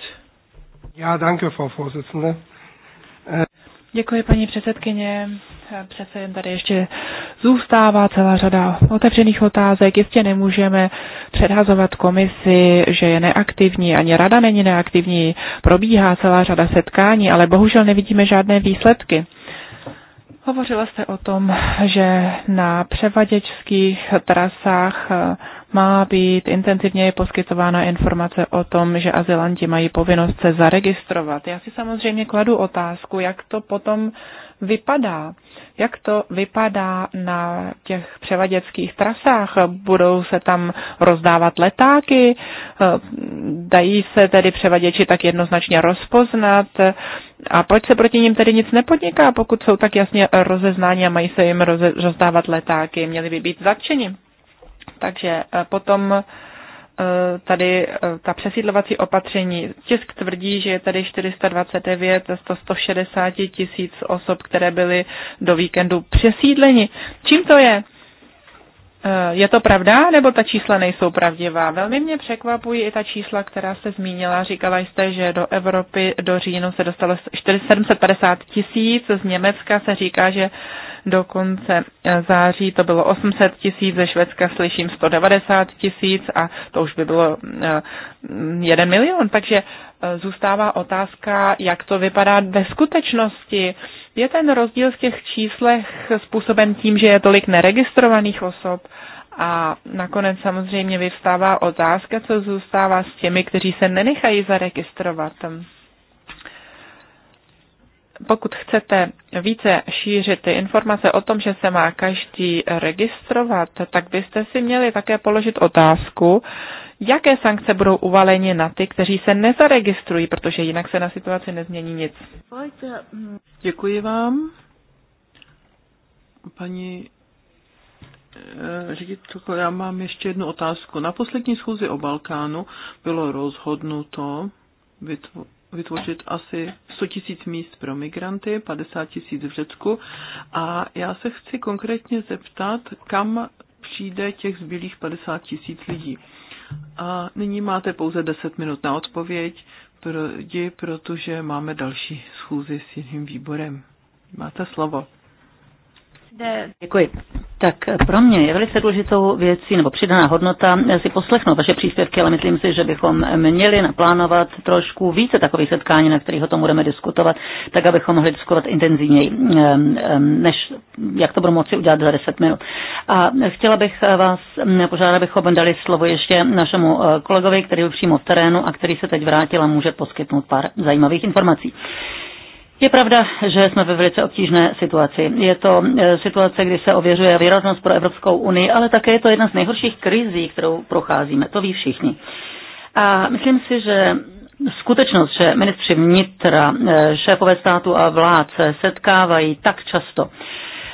Já danke, Frau Vorsitzende. Děkuji, paní předsedkyně přece jen tady ještě zůstává celá řada otevřených otázek. Jistě nemůžeme předhazovat komisi, že je neaktivní, ani rada není neaktivní, probíhá celá řada setkání, ale bohužel nevidíme žádné výsledky. Hovořila jste o tom, že na převaděčských trasách eh, má být intenzivně poskytována informace o tom, že azylanti mají povinnost se zaregistrovat. Já si samozřejmě kladu otázku, jak to potom vypadá. Jak to vypadá na těch převaděckých trasách? Budou se tam rozdávat letáky? Dají se tedy převaděči tak jednoznačně rozpoznat? A proč se proti ním tedy nic nepodniká, pokud jsou tak jasně rozeznáni a mají se jim rozdávat letáky? Měli by být zatčeni. Takže eh, potom Eh, tady eh, ta přesídlovací opatření. Tisk tvrdí, že je tady 429 z 160 tisíc osob, které byly do víkendu přesídleni. Čím to je? Eh, je to pravda, nebo ta čísla nejsou pravdivá? Velmi mě překvapují i ta čísla, která se zmínila. Říkala jste, že do Evropy do říjnu se dostalo 750 tisíc, z Německa se říká, že do konce eh, září to bylo 800 tisíc, ze Švédska slyším 190 tisíc a to už by bylo 1 eh, milion. Takže zůstává otázka, jak to vypadá ve skutečnosti je ten rozdíl v těch číslech způsoben tím, že je tolik neregistrovaných osob? A nakonec samozřejmě vyvstává otázka, co zůstává s těmi, kteří se nenechají zaregistrovat pokud chcete více šířit ty informace o tom, že se má každý registrovat, tak byste si měli také položit otázku, jaké sankce budou uvaleny na ty, kteří se nezaregistrují, protože jinak se na situaci nezmění nic. Děkuji vám. Paní eh, ředitelko, já mám ještě jednu otázku. Na poslední schůzi o Balkánu bylo rozhodnuto vytvořit vytvořit asi 100 tisíc míst pro migranty, 50 tisíc v Řecku. A já se chci konkrétně zeptat, kam přijde těch zbylých 50 tisíc lidí. A nyní máte pouze 10 minut na odpověď, protože máme další schůzi s jiným výborem. Máte slovo. Děkuji. Tak pro mě je velice důležitou věcí, nebo přidaná hodnota, si poslechnout vaše příspěvky, ale myslím si, že bychom měli naplánovat trošku více takových setkání, na kterých o tom budeme diskutovat, tak abychom mohli diskutovat intenzivněji, než jak to budu moci udělat za 10 minut. A chtěla bych vás požádat, abychom dali slovo ještě našemu eh, kolegovi, který je přímo v terénu a který se teď vrátil a může poskytnout pár zajímavých informací. Je pravda, že jsme ve velice obtížné situaci. Je to e, situace, kdy se ověřuje výraznost pro Evropskou unii, ale také je to jedna z nejhorších krizí, kterou procházíme. To ví všichni. A myslím si, že skutečnost, že ministři vnitra, e, šéfové státu a vlád se setkávají tak často,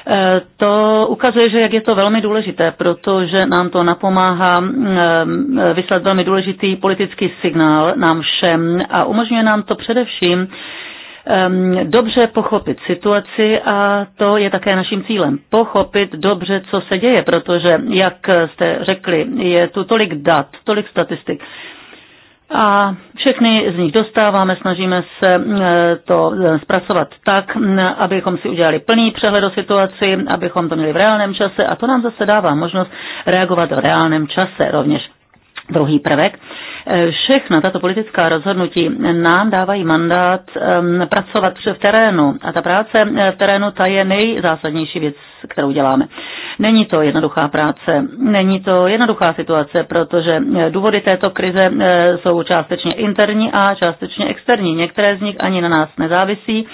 e, to ukazuje, že jak je to velmi důležité, protože nám to napomáhá vyslat velmi důležitý politický signál nám všem a umožňuje nám to především Ehm, dobře pochopit situaci a to je také naším cílem. Pochopit dobře, co se děje, protože, jak jste řekli, je tu tolik dat, tolik statistik. A všechny z nich dostáváme, snažíme se eh, to eh, zpracovat tak, eh, abychom si udělali plný přehled o situaci, abychom to měli v reálném čase a to nám zase dává možnost reagovat v reálném čase rovněž. Druhý prvek. Eh, všechna tato politická rozhodnutí nám dávají mandát ehm, pracovat v terénu a ta práce eh, v terénu ta je nejzásadnější věc, kterou děláme. Není to jednoduchá práce, není to jednoduchá situace, protože eh, důvody této krize jsou částečně interní a částečně externí. Některé z nich ani na nás nezávisí,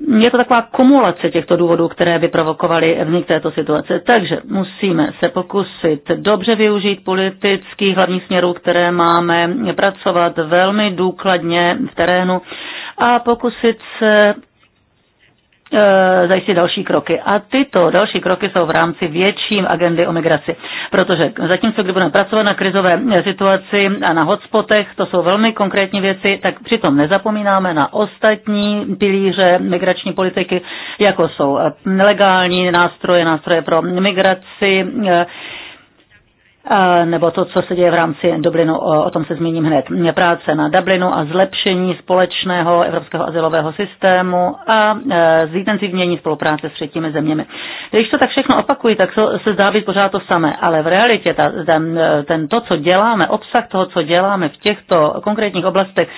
je to taková kumulace těchto důvodů, které by provokovaly vznik této situace. Takže musíme se pokusit dobře využít politických hlavních směrů, které máme, pracovat velmi důkladně v terénu a pokusit se E, zajistit další kroky. A tyto další kroky jsou v rámci větším agendy o migraci. Protože zatímco, kdy budeme pracovat na krizové situaci a na hotspotech, to jsou velmi konkrétní věci, tak přitom nezapomínáme na ostatní pilíře migrační politiky, jako jsou e, legální nástroje, nástroje pro migraci, e, nebo to, co se děje v rámci Dublinu, o, tom se zmíním hned. Práce na Dublinu a zlepšení společného evropského asilového systému a e, zintenzivnění spolupráce s třetími zeměmi. Když to tak všechno opakují, tak se zdá být pořád to samé, ale v realitě ta, ten, e, ten, to, co děláme, obsah toho, co děláme v těchto konkrétních oblastech,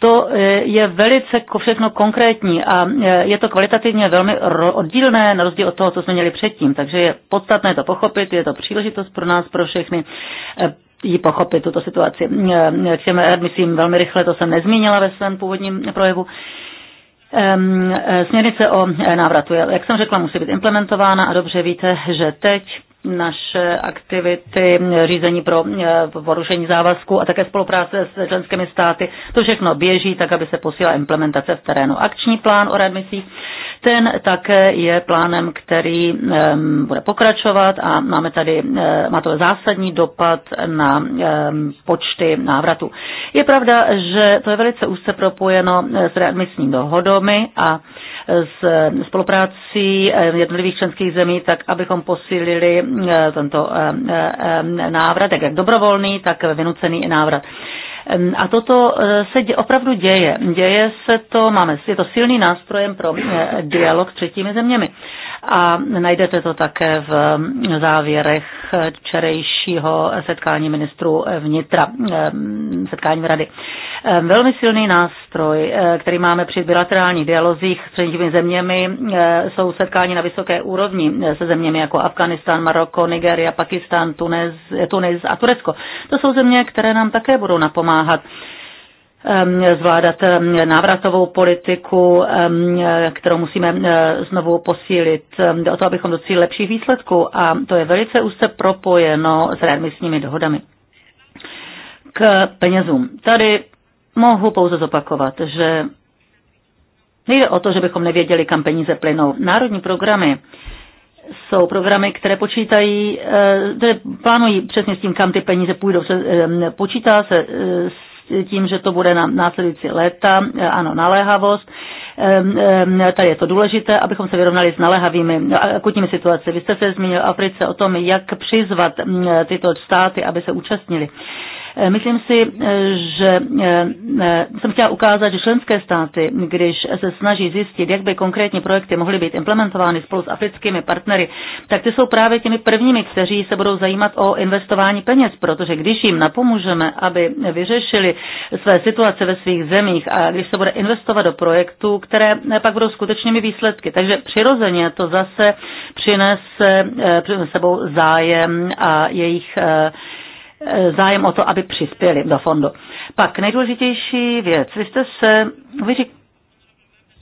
to eh, je velice všechno konkrétní a eh, je to kvalitativně velmi oddílné na rozdíl od toho, co jsme měli předtím. Takže je podstatné to pochopit, je to příležitost pro nás, pro všechny ji eh, pochopit, tuto situaci. K těm myslím velmi rychle, to jsem nezmínila ve svém původním projevu. Ehm, směrnice o návratu, jak jsem řekla, musí být implementována a dobře víte, že teď naše aktivity, řízení pro eh, porušení závazku a také spolupráce s členskými státy. To všechno běží tak, aby se posílila implementace v terénu. Akční plán o readmisích, ten také je plánem, který ehm, bude pokračovat a máme tady, eh, má to zásadní dopad na ehm, počty návratů. Je pravda, že to je velice úzce propojeno eh, s readmisní dohodami a s spoluprácí eh, jednotlivých členských zemí, tak abychom posílili eh, tento eh, návrat, jak dobrovolný, tak vynucený návrat. A toto se opravdu děje. Děje se to, máme, je to silný nástrojem pro dialog s třetími zeměmi a najdete to také v závěrech včerejšího setkání ministru vnitra, ehm, setkání rady. Ehm, velmi silný nástroj, eh, který máme při bilaterálních dialozích s třetími zeměmi, eh, jsou setkání na vysoké úrovni se zeměmi jako Afganistán, Maroko, Nigeria, Pakistán, Tunis, Tunis a Turecko. To jsou země, které nám také budou napomáhat Um, zvládat um, návratovou politiku, um, kterou musíme uh, znovu posílit. o to, abychom docílili lepších výsledků a to je velice úzce propojeno s readmisními dohodami. K penězům. Tady mohu pouze zopakovat, že nejde o to, že bychom nevěděli, kam peníze plynou. Národní programy jsou programy, které počítají, eh, které plánují přesně s tím, kam ty peníze půjdou. Eh, počítá se eh, tím, že to bude na následující léta, e, ano, naléhavost. Tady je to důležité, abychom se vyrovnali s naléhavými e, akutními situacemi. Vy jste se zmínil Africe o tom, jak přizvat tyto státy, aby se účastnili Eh, myslím si, eh, že eh, jsem chtěla ukázat, že členské státy, když se snaží zjistit, jak by konkrétní projekty mohly být implementovány spolu s africkými partnery, tak ty jsou právě těmi prvními, kteří se budou zajímat o investování peněz, protože když jim napomůžeme, aby vyřešili své situace ve svých zemích a když se bude investovat do projektů, které pak budou skutečnými výsledky. Takže přirozeně to zase přinese sebou zájem a jejich Eh, zájem o to, aby přispěli do fondu. Pak nejdůležitější věc. Vy jste se, vy řík,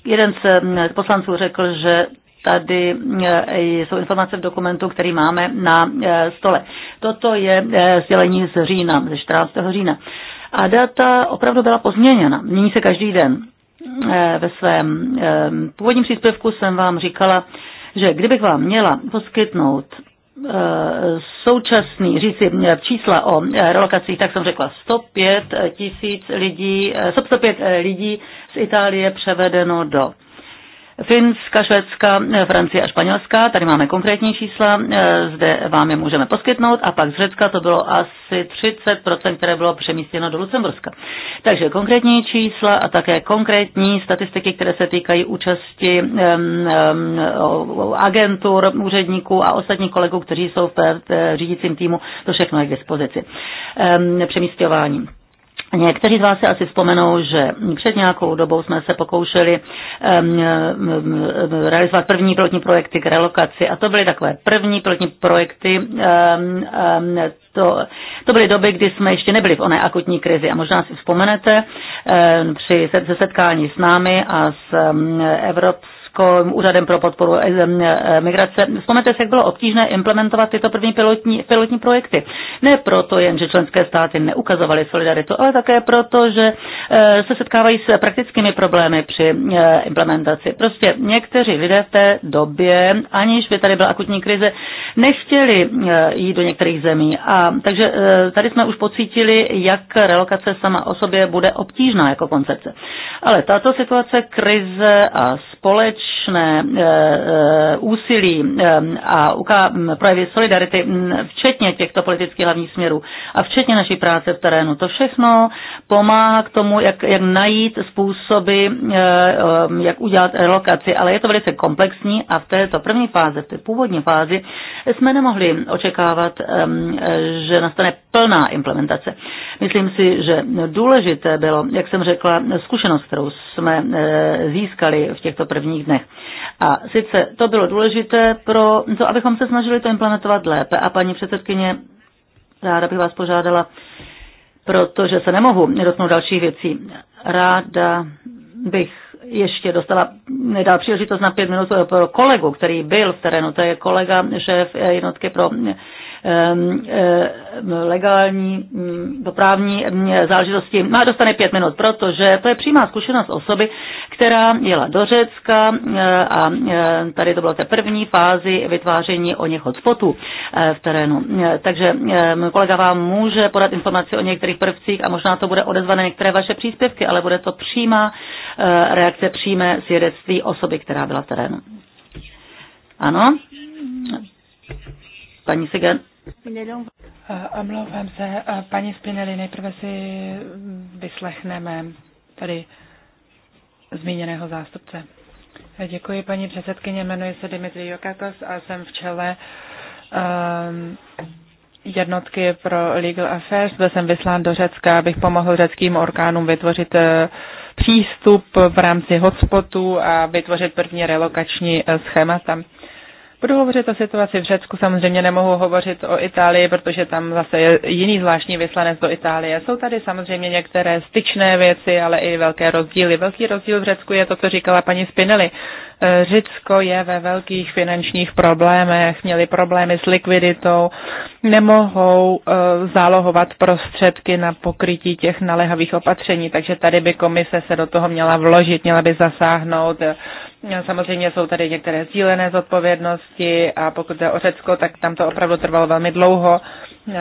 jeden z mm, poslanců řekl, že tady eh, jsou informace v dokumentu, který máme na eh, stole. Toto je sdělení z října, ze 14. října. A data opravdu byla pozměněna. Mění se každý den. Ve svém původním příspěvku jsem vám říkala, že kdybych vám měla poskytnout Eh, současný, říci eh, čísla o eh, relokacích, tak jsem řekla 105 tisíc lidí, 105 lidí z Itálie převedeno do Finska, Švédska, Francie a Španělska. Tady máme konkrétní čísla, eh, zde vám je můžeme poskytnout. A pak z Řecka to bylo asi 30%, které bylo přemístěno do Lucemburska. Takže konkrétní čísla a také konkrétní statistiky, které se týkají účasti agentur, úředníků a ostatních kolegů, kteří jsou v řídícím týmu, to všechno je k dispozici. Přemístěvání. Někteří z vás si asi vzpomenou, že před nějakou dobou jsme se pokoušeli realizovat první pilotní projekty k relokaci a to byly takové první pilotní projekty. to, to byly doby, kdy jsme ještě nebyli v oné akutní krizi a možná si vzpomenete při se setkání s námi a s Evropskou Českým jako úřadem pro podporu eh, eh, migrace. Vzpomněte se, jak bylo obtížné implementovat tyto první pilotní, pilotní projekty. Ne proto jen, že členské státy neukazovaly solidaritu, ale také proto, že eh, se setkávají s praktickými problémy při implementaci. Prostě někteří lidé v té době, aniž by tady byla akutní krize, nechtěli jít do některých zemí. A takže tady jsme už pocítili, jak relokace sama o sobě bude obtížná jako koncepce. Ale tato situace krize a společ společné eh, eh, úsilí eh, a mm, projevy solidarity, mm, včetně těchto politických hlavních směrů a včetně naší práce v terénu, to všechno pomáhá k tomu, jak, jak najít způsoby, jak udělat relokaci, ale je to velice komplexní a v této první fázi, v té původní fázi, jsme nemohli očekávat, že nastane plná implementace. Myslím si, že důležité bylo, jak jsem řekla, zkušenost, kterou jsme získali v těchto prvních dnech dnech. A sice to bylo důležité pro to, abychom se snažili to implementovat lépe. A paní předsedkyně, ráda bych vás požádala, protože se nemohu dotknout dalších věcí. Ráda bych ještě dostala, dal příležitost na pět minut pro kolegu, který byl v terénu, to je kolega, šéf jednotky pro Ehm, ehm, legální, mm, dopravní mm, záležitosti, má no dostane pět minut, protože to je přímá zkušenost osoby, která jela do Řecka eh, a eh, tady to bylo té první fázi vytváření o něch hotspotů eh, v terénu. Takže ehm, kolega vám může podat informaci o některých prvcích a možná to bude odezvané některé vaše příspěvky, ale bude to přímá reakce, přímé svědectví osoby, která byla v terénu. Ano? Paní Sigan, Omlouvám se, paní Spinelli, nejprve si vyslechneme tady zmíněného zástupce. Děkuji, paní předsedkyně, jmenuji se Dimitri Jokatos a jsem v čele um, jednotky pro Legal Affairs. Byl jsem vyslán do Řecka, abych pomohl řeckým orgánům vytvořit uh, přístup v rámci hotspotu a vytvořit první relokační eh, schémata. Budu hovořit o situaci v Řecku, samozřejmě nemohu hovořit o Itálii, protože tam zase je jiný zvláštní vyslanec do Itálie. Jsou tady samozřejmě některé styčné věci, ale i velké rozdíly. Velký rozdíl v Řecku je to, co říkala paní Spinelli. E, Řecko je ve velkých finančních problémech, měli problémy s likviditou, nemohou e, zálohovat prostředky na pokrytí těch naléhavých opatření, takže tady by komise se do toho měla vložit, měla by zasáhnout Samozřejmě jsou tady některé sdílené zodpovědnosti a pokud jde o Řecko, tak tam to opravdu trvalo velmi dlouho,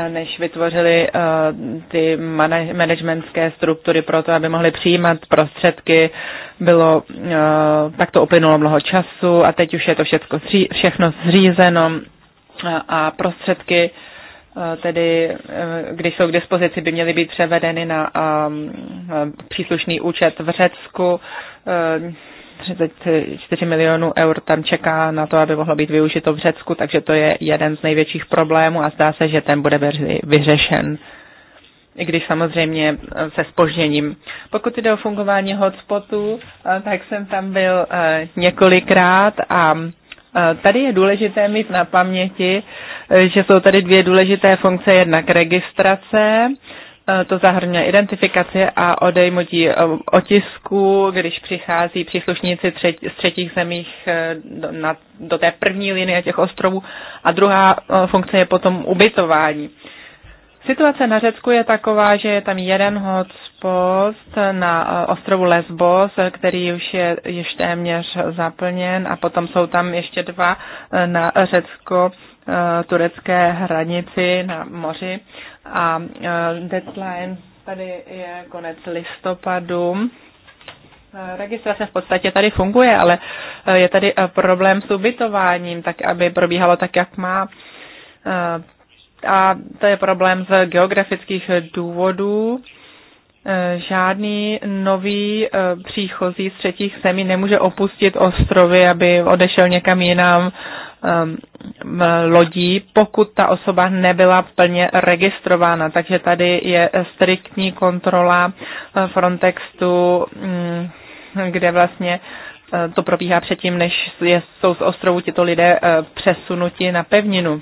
než vytvořili eh, ty managementské struktury pro to, aby mohli přijímat prostředky. Bylo, eh, tak to uplynulo mnoho času a teď už je to všechno, všechno zřízeno a prostředky eh, tedy když jsou k dispozici, by měly být převedeny na příslušný účet v Řecku. 34 milionů eur tam čeká na to, aby mohlo být využito v Řecku, takže to je jeden z největších problémů a zdá se, že ten bude vyřešen. I když samozřejmě se spožděním. Pokud jde o fungování hotspotu, eh, tak jsem tam byl eh, několikrát a eh, Tady je důležité mít na paměti, že jsou tady dvě důležité funkce, jednak registrace Eh, to zahrnuje identifikaci a odejmutí eh, otisku, když přichází příslušníci třetí, z třetích zemích eh, do, na, do té první linie těch ostrovů. A druhá funkce je potom ubytování. Situace na Řecku je taková, že je tam jeden hotspot na ostrovu Lesbos, který už je již téměř zaplněn a potom jsou tam ještě dva na Řecko Eh, turecké hranici na moři. A eh, deadline tady je konec listopadu. Eh, registrace v podstatě tady funguje, ale je tady problém s ubytováním, tak aby probíhalo tak, jak má. A to je problém z geografických důvodů. Žádný nový příchozí z třetích zemí nemůže opustit ostrovy, aby odešel někam jinam Um, lodí, pokud ta osoba nebyla plně registrována. Takže tady je striktní kontrola uh, Frontextu, mm, kde vlastně uh, to probíhá předtím, než jsou z ostrovu tyto lidé uh, přesunuti na pevninu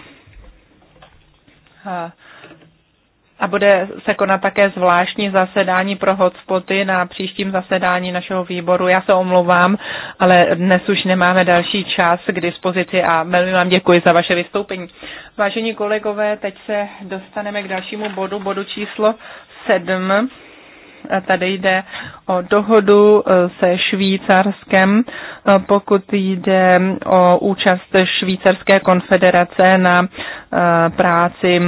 a bude se konat také zvláštní zasedání pro hotspoty na příštím zasedání našeho výboru. Já se omlouvám, ale dnes už nemáme další čas k dispozici a velmi vám děkuji za vaše vystoupení. Vážení kolegové, teď se dostaneme k dalšímu bodu, bodu číslo 7. Tady jde o dohodu e, se Švýcarskem, e, pokud jde o účast Švýcarské konfederace na e, práci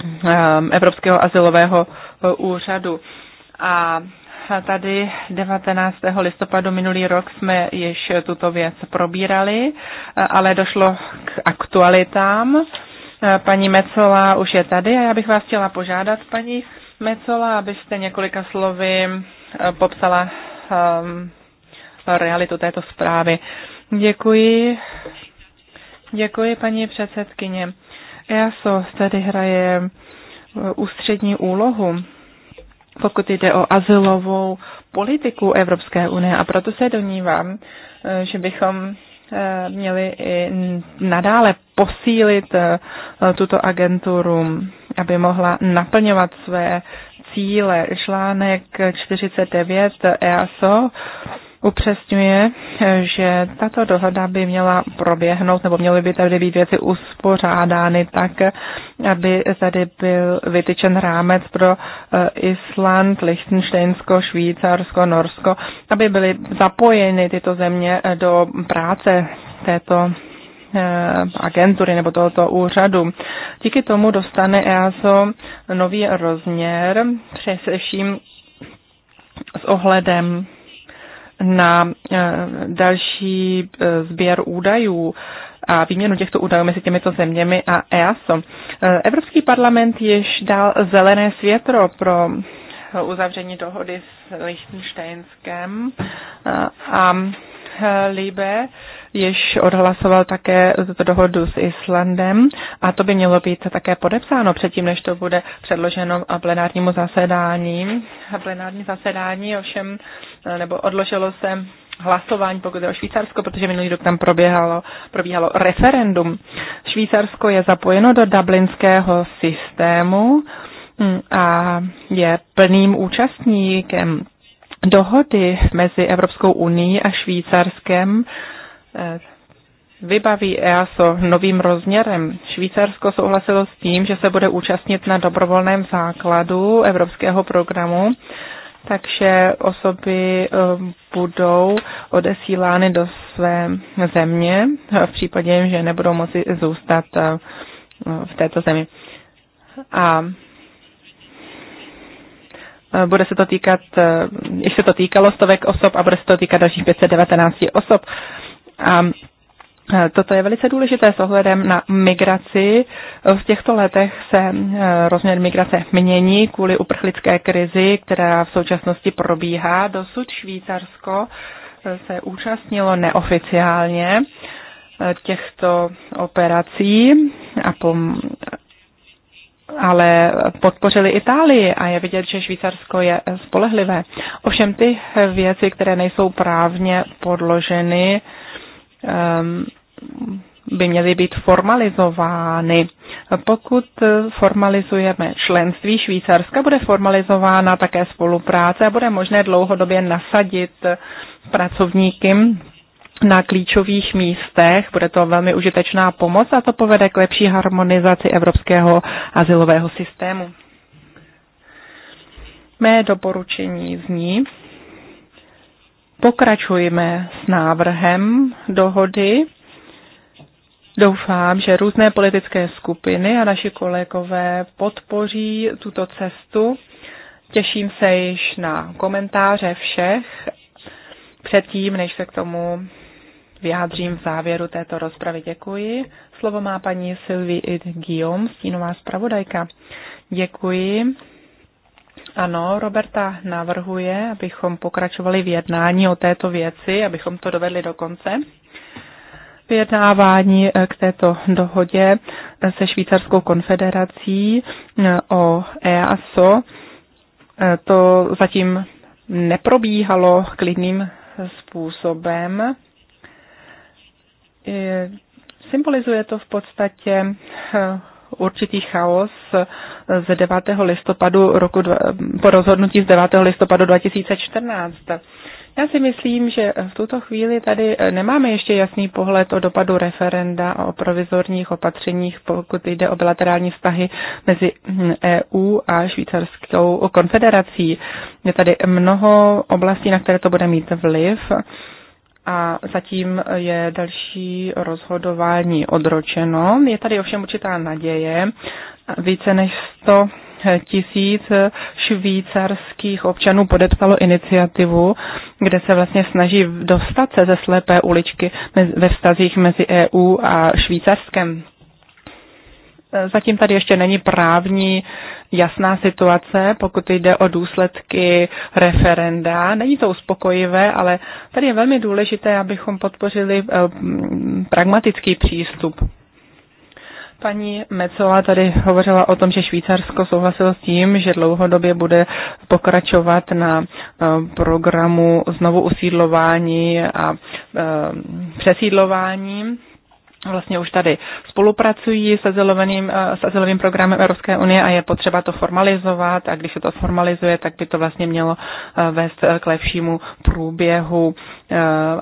Um, Evropského asilového uh, úřadu. A tady 19. listopadu minulý rok jsme již tuto věc probírali, uh, ale došlo k aktualitám. Uh, paní Mecola už je tady a já bych vás chtěla požádat, paní Mecola, abyste několika slovy popsala um, realitu této zprávy. Děkuji. Děkuji, paní předsedkyně. EASO tady hraje eh, ústřední úlohu, pokud jde o azylovou politiku Evropské unie. A proto se domnívám, eh, že bychom eh, měli i nadále posílit tuto agenturu, aby mohla naplňovat své cíle. Článek 49 EASO upřesňuje, eh, že tato dohoda by měla proběhnout, nebo měly by tady být věci uspořádány tak, aby tady byl vytyčen rámec pro eh, Island, Liechtensteinsko, Švýcarsko, Norsko, aby byly zapojeny tyto země eh, do práce této agentury nebo tohoto úřadu. Díky tomu dostane EASO nový rozměr, především s ohledem na eh, další eh, sběr údajů a výměnu těchto údajů mezi těmito zeměmi a EASO. Eh, Evropský parlament již dal zelené světlo pro uzavření dohody s Lichtensteinskem a Libe již odhlasoval také tuto dohodu s Islandem a to by mělo být také podepsáno předtím, než to bude předloženo plenárnímu zasedání. Plenární zasedání ovšem Eh, nebo odložilo se hlasování, pokud je o Švýcarsko, protože minulý rok tam proběhalo, probíhalo referendum. Švýcarsko je zapojeno do dublinského systému hm, a je plným účastníkem dohody mezi Evropskou unii a Švýcarskem eh, vybaví EASO novým rozměrem. Švýcarsko souhlasilo s tím, že se bude účastnit na dobrovolném základu evropského programu takže osoby um, budou odesílány do své země v případě, že nebudou moci zůstat uh, v této zemi. A uh, bude se to týkat, uh, ještě se to týkalo stovek osob a bude se to týkat dalších 519 osob. A Eh, toto je velice důležité s ohledem na migraci. V těchto letech se eh, rozměr migrace mění kvůli uprchlické krizi, která v současnosti probíhá. Dosud Švýcarsko eh, se účastnilo neoficiálně těchto operací a pom ale podpořili Itálii a je vidět, že Švýcarsko je spolehlivé. Ovšem ty věci, které nejsou právně podloženy, um, by měly být formalizovány. Pokud formalizujeme členství Švýcarska, bude formalizována také spolupráce a bude možné dlouhodobě nasadit pracovníky na klíčových místech. Bude to velmi užitečná pomoc a to povede k lepší harmonizaci evropského asilového systému. Mé doporučení zní, pokračujeme s návrhem dohody Doufám, že různé politické skupiny a naši kolegové podpoří tuto cestu. Těším se již na komentáře všech předtím, než se k tomu vyjádřím v závěru této rozpravy. Děkuji. Slovo má paní Sylvie Id Guillaume, stínová zpravodajka. Děkuji. Ano, Roberta navrhuje, abychom pokračovali v jednání o této věci, abychom to dovedli do konce vyjednávání eh, k této dohodě eh, se Švýcarskou konfederací eh, o EASO. To zatím neprobíhalo klidným způsobem. Symbolizuje to v podstatě určitý chaos z 9. listopadu roku, po rozhodnutí z 9. listopadu 2014. Já si myslím, že v tuto chvíli tady eh, nemáme ještě jasný pohled o dopadu referenda a o provizorních opatřeních, pokud jde o bilaterální vztahy mezi hm, EU a Švýcarskou konfederací. Je tady mnoho oblastí, na které to bude mít vliv a zatím je další rozhodování odročeno. Je tady ovšem určitá naděje. Více než 100 tisíc švýcarských občanů podepsalo iniciativu, kde se vlastně snaží dostat se ze slepé uličky ve vztazích mezi EU a Švýcarskem. Zatím tady ještě není právní jasná situace, pokud jde o důsledky referenda. Není to uspokojivé, ale tady je velmi důležité, abychom podpořili eh, pragmatický přístup. Paní Mecová tady hovořila o tom, že Švýcarsko souhlasilo s tím, že dlouhodobě bude pokračovat na eh, programu znovu usídlování a eh, přesídlování vlastně už tady spolupracují se zeleným, eh, s azylovým programem Evropské unie a je potřeba to formalizovat a když se to formalizuje, tak by to vlastně mělo eh, vést eh, k lepšímu průběhu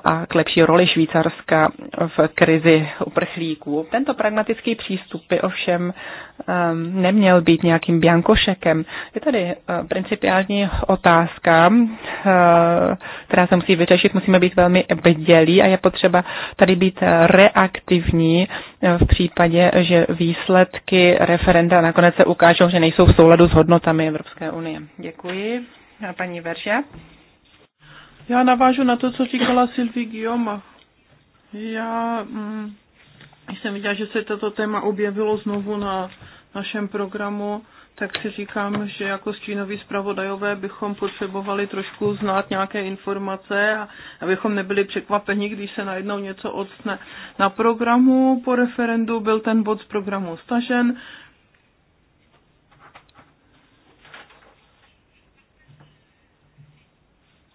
a k lepší roli Švýcarska v krizi uprchlíků. Tento pragmatický přístup by ovšem Ehm, neměl být nějakým biankošekem. Je tady eh, principiální otázka, eh, která se musí vyřešit. Musíme být velmi bedělí a je potřeba tady být reaktivní eh, v případě, že výsledky referenda nakonec se ukážou, že nejsou v souladu s hodnotami Evropské unie. Děkuji. A paní Verže? Já navážu na to, co říkala Sylvie Guillaume. Já... Mm, jsem viděla, že se toto téma objevilo znovu na našem programu, tak si říkám, že jako stínoví zpravodajové bychom potřebovali trošku znát nějaké informace, a abychom nebyli překvapeni, když se najednou něco odstne. Na programu po referendu byl ten bod z programu stažen.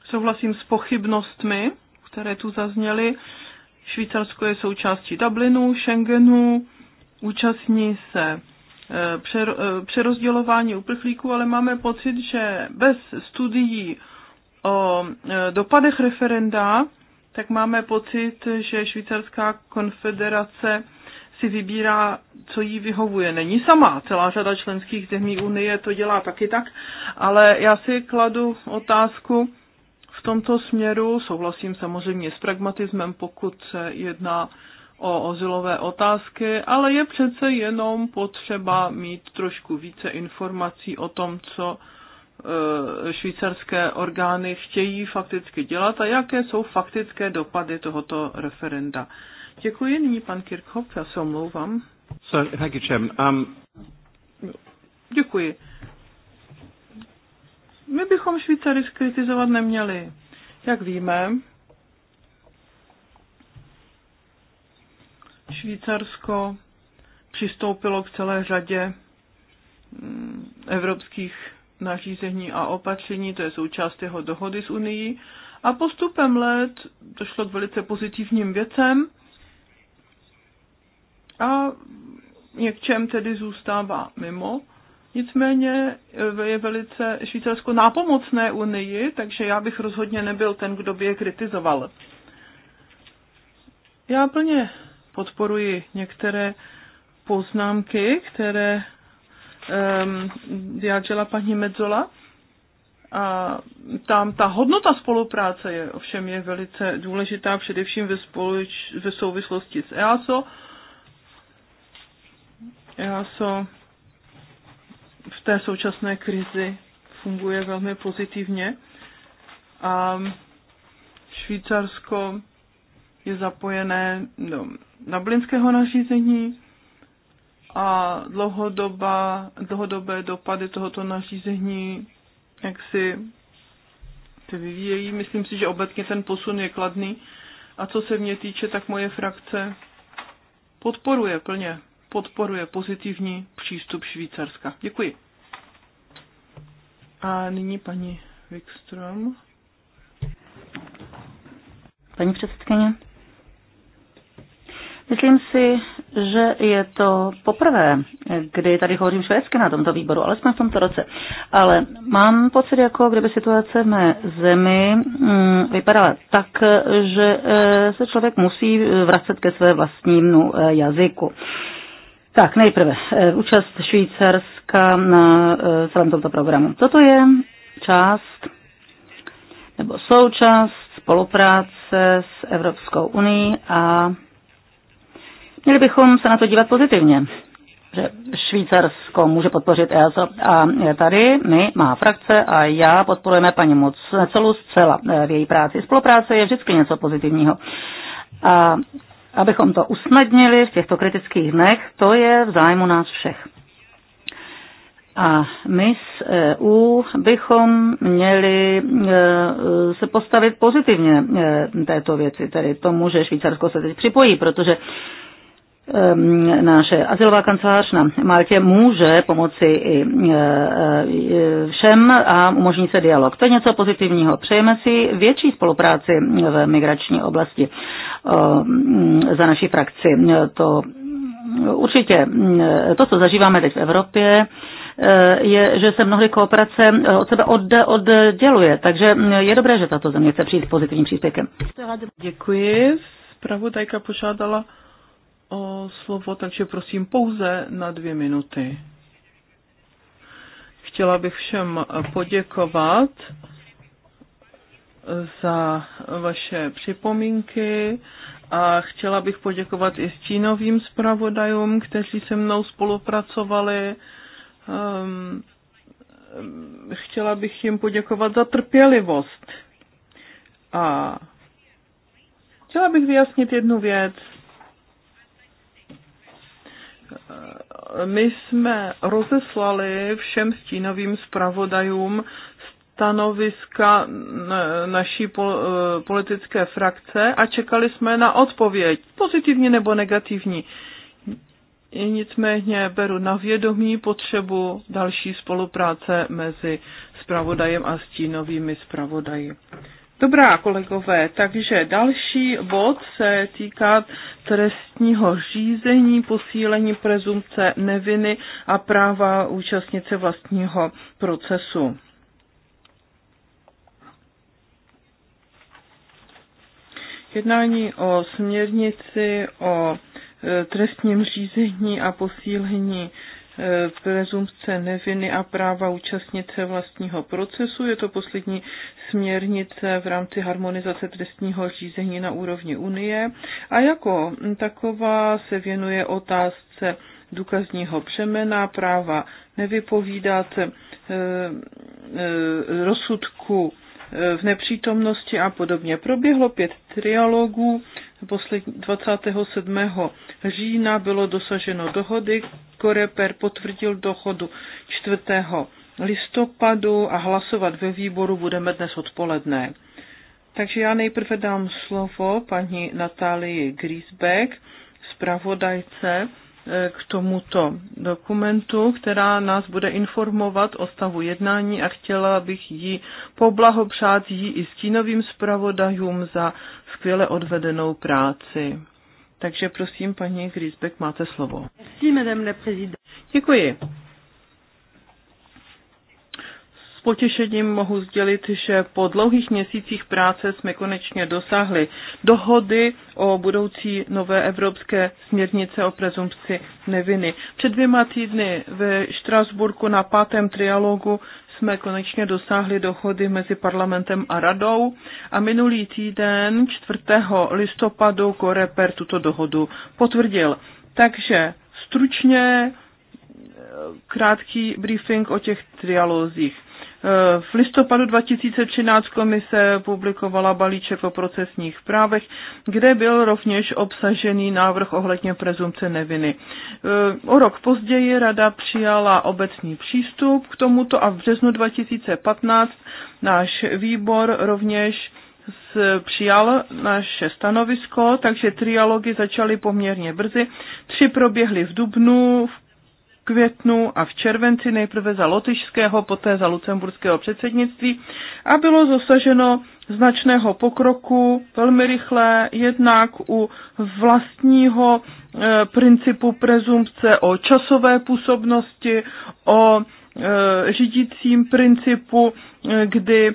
Souhlasím s pochybnostmi, které tu zazněly. Švýcarsko je součástí Dublinu, Schengenu, účastní se eh, eh, přerozdělování uprchlíků, ale máme pocit, že bez studií o eh, dopadech referenda, tak máme pocit, že Švýcarská konfederace si vybírá, co jí vyhovuje. Není sama, celá řada členských zemí Unie to dělá taky tak, ale já si kladu otázku, v tomto směru. Souhlasím samozřejmě s pragmatismem, pokud se jedná o ozilové otázky, ale je přece jenom potřeba mít trošku více informací o tom, co eh, švýcarské orgány chtějí fakticky dělat a jaké jsou faktické dopady tohoto referenda. Děkuji, nyní pan Kirchhoff, já se omlouvám. So, thank you, Chairman. Um... Děkuji. My bychom Švýcary skritizovat neměli. Jak víme, Švýcarsko přistoupilo k celé řadě mm, evropských nařízení a opatření, to je součást jeho dohody s Unii. A postupem let došlo k velice pozitivním věcem a něk čem tedy zůstává mimo. Nicméně eh, je velice Švýcarsko nápomocné Unii, takže já bych rozhodně nebyl ten, kdo by je kritizoval. Já plně podporuji některé poznámky, které um, vyjádřila paní Medzola. A tam ta hodnota spolupráce je ovšem je velice důležitá, především ve, spoluč, ve souvislosti s EASO. EASO v té současné krizi funguje velmi pozitivně a Švýcarsko je zapojené do no, nablinského nařízení a dlouhodoba, dlouhodobé dopady tohoto nařízení jak si se vyvíjejí. Myslím si, že obecně ten posun je kladný. A co se mě týče, tak moje frakce podporuje plně podporuje pozitivní přístup Švýcarska. Děkuji. A nyní paní Wikström. Paní předsedkyně, myslím si, že je to poprvé, kdy tady hovořím švédsky na tomto výboru, alespoň v tomto roce. Ale mám pocit, jako kdyby situace v mé zemi mm, vypadala tak, že eh, se člověk musí vracet ke své vlastnímu eh, jazyku. Tak nejprve eh, účast Švýcarska na eh, celém tomto programu. Toto je část nebo součást spolupráce s Evropskou unii a měli bychom se na to dívat pozitivně že Švýcarsko může podpořit EASO a eh, tady my, má frakce a já podporujeme paní moc celou, zcela v její práci. Spolupráce je vždycky něco pozitivního. A abychom to usnadnili v těchto kritických dnech, to je v zájmu nás všech. A my z EU bychom měli e, se postavit pozitivně e, této věci, tedy tomu, že Švýcarsko se teď připojí, protože Ehm, naše asilová kancelář na Maltě může pomoci i e, e, všem a umožní se dialog. To je něco pozitivního. Přejeme si větší spolupráci v migrační oblasti ehm, za naší frakci. To určitě e, to, co zažíváme teď v Evropě, je, že se mnohdy kooperace od sebe odděluje. Takže je dobré, že tato země chce přijít s pozitivním příspěvkem. Děkuji. Zpravodajka požádala o slovo, takže prosím pouze na dvě minuty. Chtěla bych všem poděkovat za vaše připomínky a chtěla bych poděkovat i stínovým zpravodajům, kteří se mnou spolupracovali. Ehm, chtěla bych jim poděkovat za trpělivost. A chtěla bych vyjasnit jednu věc my jsme rozeslali všem stínovým zpravodajům stanoviska naší e, politické frakce a čekali jsme na odpověď, pozitivní nebo negativní. Nicméně beru na vědomí potřebu další spolupráce mezi zpravodajem a stínovými zpravodaji. Dobrá, kolegové, takže další bod se týká trestního řízení, posílení prezumce neviny a práva účastnice vlastního procesu. Jednání o směrnici o e, trestním řízení a posílení prezumce neviny a práva účastnice vlastního procesu. Je to poslední směrnice v rámci harmonizace trestního řízení na úrovni Unie a jako taková se věnuje otázce důkazního přemena, práva nevypovídat e, e, rozsudku e, v nepřítomnosti a podobně. Proběhlo pět trialogů posled, 27. října bylo dosaženo dohody, Koreper potvrdil dohodu 4. listopadu a hlasovat ve výboru budeme dnes odpoledne. Takže já nejprve dám slovo paní Natálii Griesbeck, zpravodajce Eh, k tomuto dokumentu, která nás bude informovat o stavu jednání a chtěla bych ji poblahopřát jí i stínovým zpravodajům za skvěle odvedenou práci. Takže prosím, paní Grisbeck, máte slovo. Děkuji potěšením mohu sdělit, že po dlouhých měsících práce jsme konečně dosáhli dohody o budoucí nové evropské směrnice o prezumpci neviny. Před dvěma týdny ve Štrasburku na pátém trialogu jsme konečně dosáhli dohody mezi parlamentem a radou a minulý týden 4. listopadu Koreper tuto dohodu potvrdil. Takže stručně eh, krátký briefing o těch trialozích. V listopadu 2013 komise publikovala balíček o procesních právech, kde byl rovněž obsažený návrh ohledně prezumce neviny. O rok později rada přijala obecný přístup k tomuto a v březnu 2015 náš výbor rovněž přijal naše stanovisko, takže trialogy začaly poměrně brzy. Tři proběhly v Dubnu, v květnu a v červenci nejprve za lotyšského, poté za lucemburského předsednictví a bylo zasaženo značného pokroku velmi rychle, jednak u vlastního e, principu prezumpce o časové působnosti, o e, řídícím principu, e, kdy e,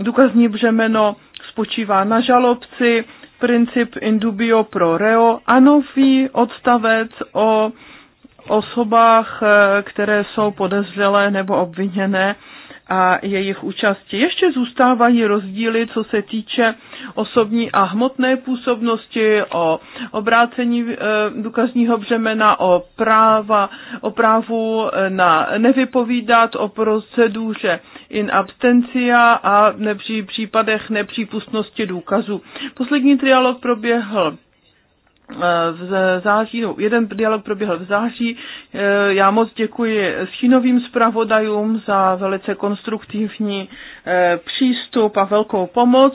důkazní břemeno spočívá na žalobci, princip indubio pro reo a nový odstavec o e, osobách, eh, které jsou podezřelé nebo obviněné a jejich účasti. Ještě zůstávají rozdíly, co se týče osobní a hmotné působnosti, o obrácení eh, důkazního břemena, o, práva, o právu eh, na nevypovídat, o proceduře in abstencia a v nepří případech nepřípustnosti důkazu. Poslední trialog proběhl v září, no, jeden dialog proběhl v září. Eh, já moc děkuji stínovým zpravodajům za velice konstruktivní eh, přístup a velkou pomoc.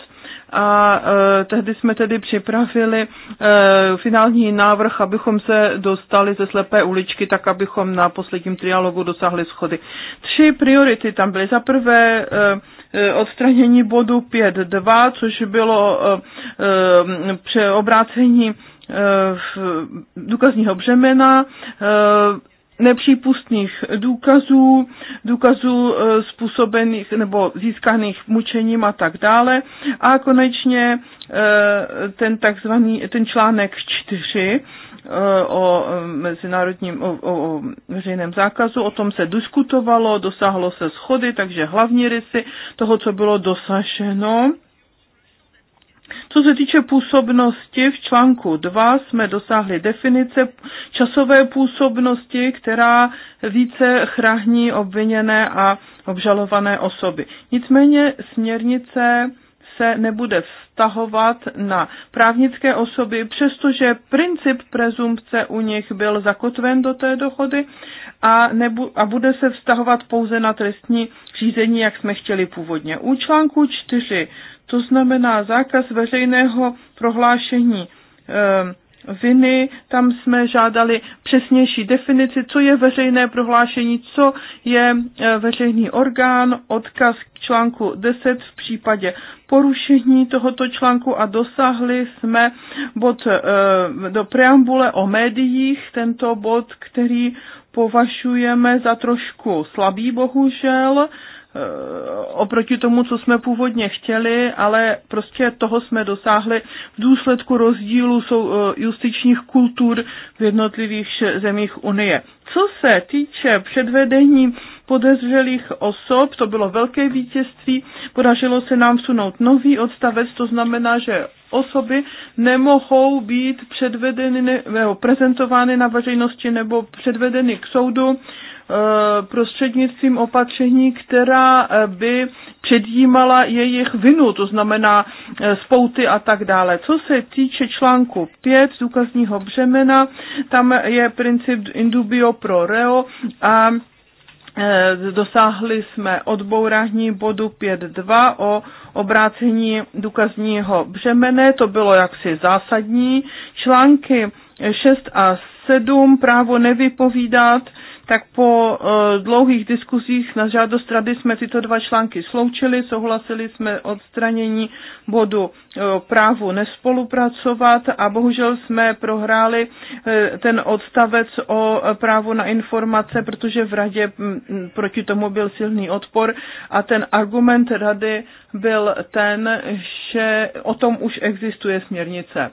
A eh, tehdy jsme tedy připravili finální návrh, abychom se dostali ze slepé uličky, tak abychom na posledním trialogu dosáhli schody. Tři priority tam byly. Za prvé odstranění bodu 5.2, což bylo obrácení důkazního břemena, eh, nepřípustných důkazů, důkazů eh, způsobených nebo získaných mučením a tak dále. A konečně eh, ten takzvaný, ten článek 4 o mezinárodním, o, o, o veřejném zákazu, o tom se diskutovalo, dosáhlo se schody, takže hlavní rysy toho, co bylo dosaženo, co se týče působnosti, v článku 2 jsme dosáhli definice časové působnosti, která více chrání obviněné a obžalované osoby. Nicméně směrnice se nebude vztahovat na právnické osoby, přestože princip prezumpce u nich byl zakotven do té dohody a, nebu, a bude se vztahovat pouze na trestní řízení, jak jsme chtěli původně. U článku 4, to znamená zákaz veřejného prohlášení Eh, viny. Tam jsme žádali přesnější definici, co je veřejné prohlášení, co je e, veřejný orgán, odkaz k článku 10 v případě porušení tohoto článku a dosáhli jsme bod e, do preambule o médiích, tento bod, který považujeme za trošku slabý, bohužel, Eh, oproti tomu, co jsme původně chtěli, ale prostě toho jsme dosáhli v důsledku rozdílu eh, justičních kultur v jednotlivých zemích Unie. Co se týče předvedení podezřelých osob, to bylo velké vítězství, podařilo se nám sunout nový odstavec, to znamená, že osoby nemohou být předvedeny nebo prezentovány na veřejnosti nebo předvedeny k soudu Eh, prostřednictvím opatření, která eh, by předjímala jejich vinu, to znamená eh, spouty a tak dále. Co se týče článku 5 důkazního břemena, tam je princip indubio pro reo a dosáhli jsme odbourání bodu 5.2 o obrácení důkazního břemene, to bylo jaksi zásadní. Články 6 a 7 právo nevypovídat tak po e, dlouhých diskuzích na žádost rady jsme tyto dva články sloučili, souhlasili jsme odstranění bodu e, právu nespolupracovat a bohužel jsme prohráli e, ten odstavec o právu na informace, protože v radě proti tomu byl silný odpor a ten argument rady byl ten, že o tom už existuje směrnice.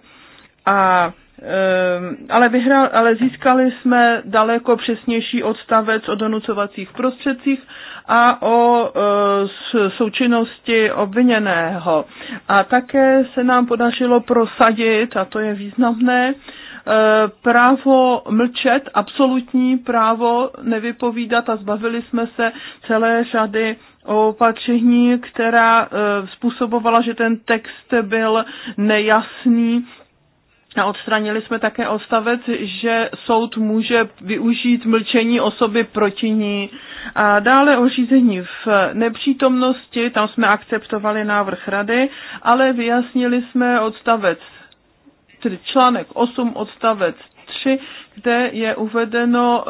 A Ehm, ale, vyhrál, ale získali jsme daleko přesnější odstavec o donucovacích prostředcích a o e, součinnosti obviněného. A také se nám podařilo prosadit, a to je významné, eh, právo mlčet, absolutní právo nevypovídat a zbavili jsme se celé řady opatření, která eh, způsobovala, že ten text byl nejasný a odstranili jsme také odstavec, že soud může využít mlčení osoby proti ní. A dále o řízení v nepřítomnosti, tam jsme akceptovali návrh rady, ale vyjasnili jsme odstavec, tedy článek 8 odstavec 3, kde je uvedeno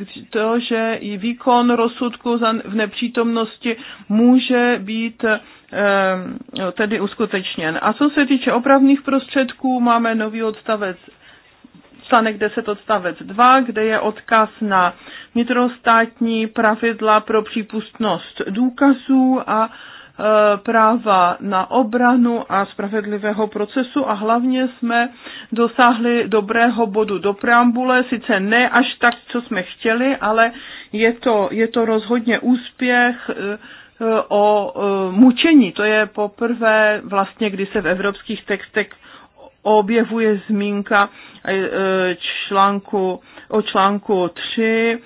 eh, to, že i výkon rozsudku v nepřítomnosti může být eh, tedy uskutečněn. A co se týče opravných prostředků, máme nový odstavec článek 10 odstavec 2, kde je odkaz na vnitrostátní pravidla pro přípustnost důkazů a Eh, práva na obranu a spravedlivého procesu a hlavně jsme dosáhli dobrého bodu do preambule, sice ne až tak, co jsme chtěli, ale je to, je to rozhodně úspěch eh, eh, o mučení. To je poprvé vlastně, kdy se v evropských textech objevuje zmínka článku, o článku 3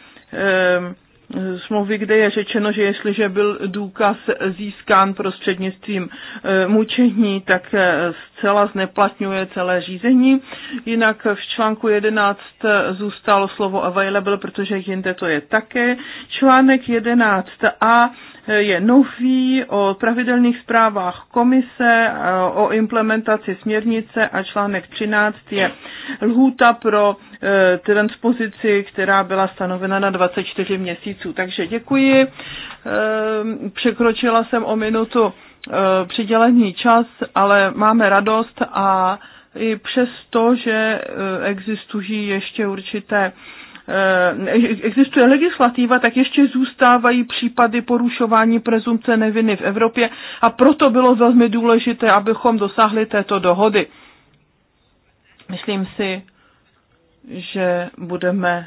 smlouvy, kde je řečeno, že jestliže byl důkaz získán prostřednictvím eh, mučení, tak eh, zcela zneplatňuje celé řízení. Jinak v článku 11 eh, zůstalo slovo available, protože jinde to je také. Článek 11a je nový o pravidelných zprávách komise, o implementaci směrnice a článek 13 je lhůta pro e, transpozici, která byla stanovena na 24 měsíců. Takže děkuji. E, překročila jsem o minutu e, přidělený čas, ale máme radost a i přesto, že existují ještě určité Eh, existuje legislativa, tak ještě zůstávají případy porušování prezumce neviny v Evropě a proto bylo velmi důležité, abychom dosáhli této dohody. Myslím si, že budeme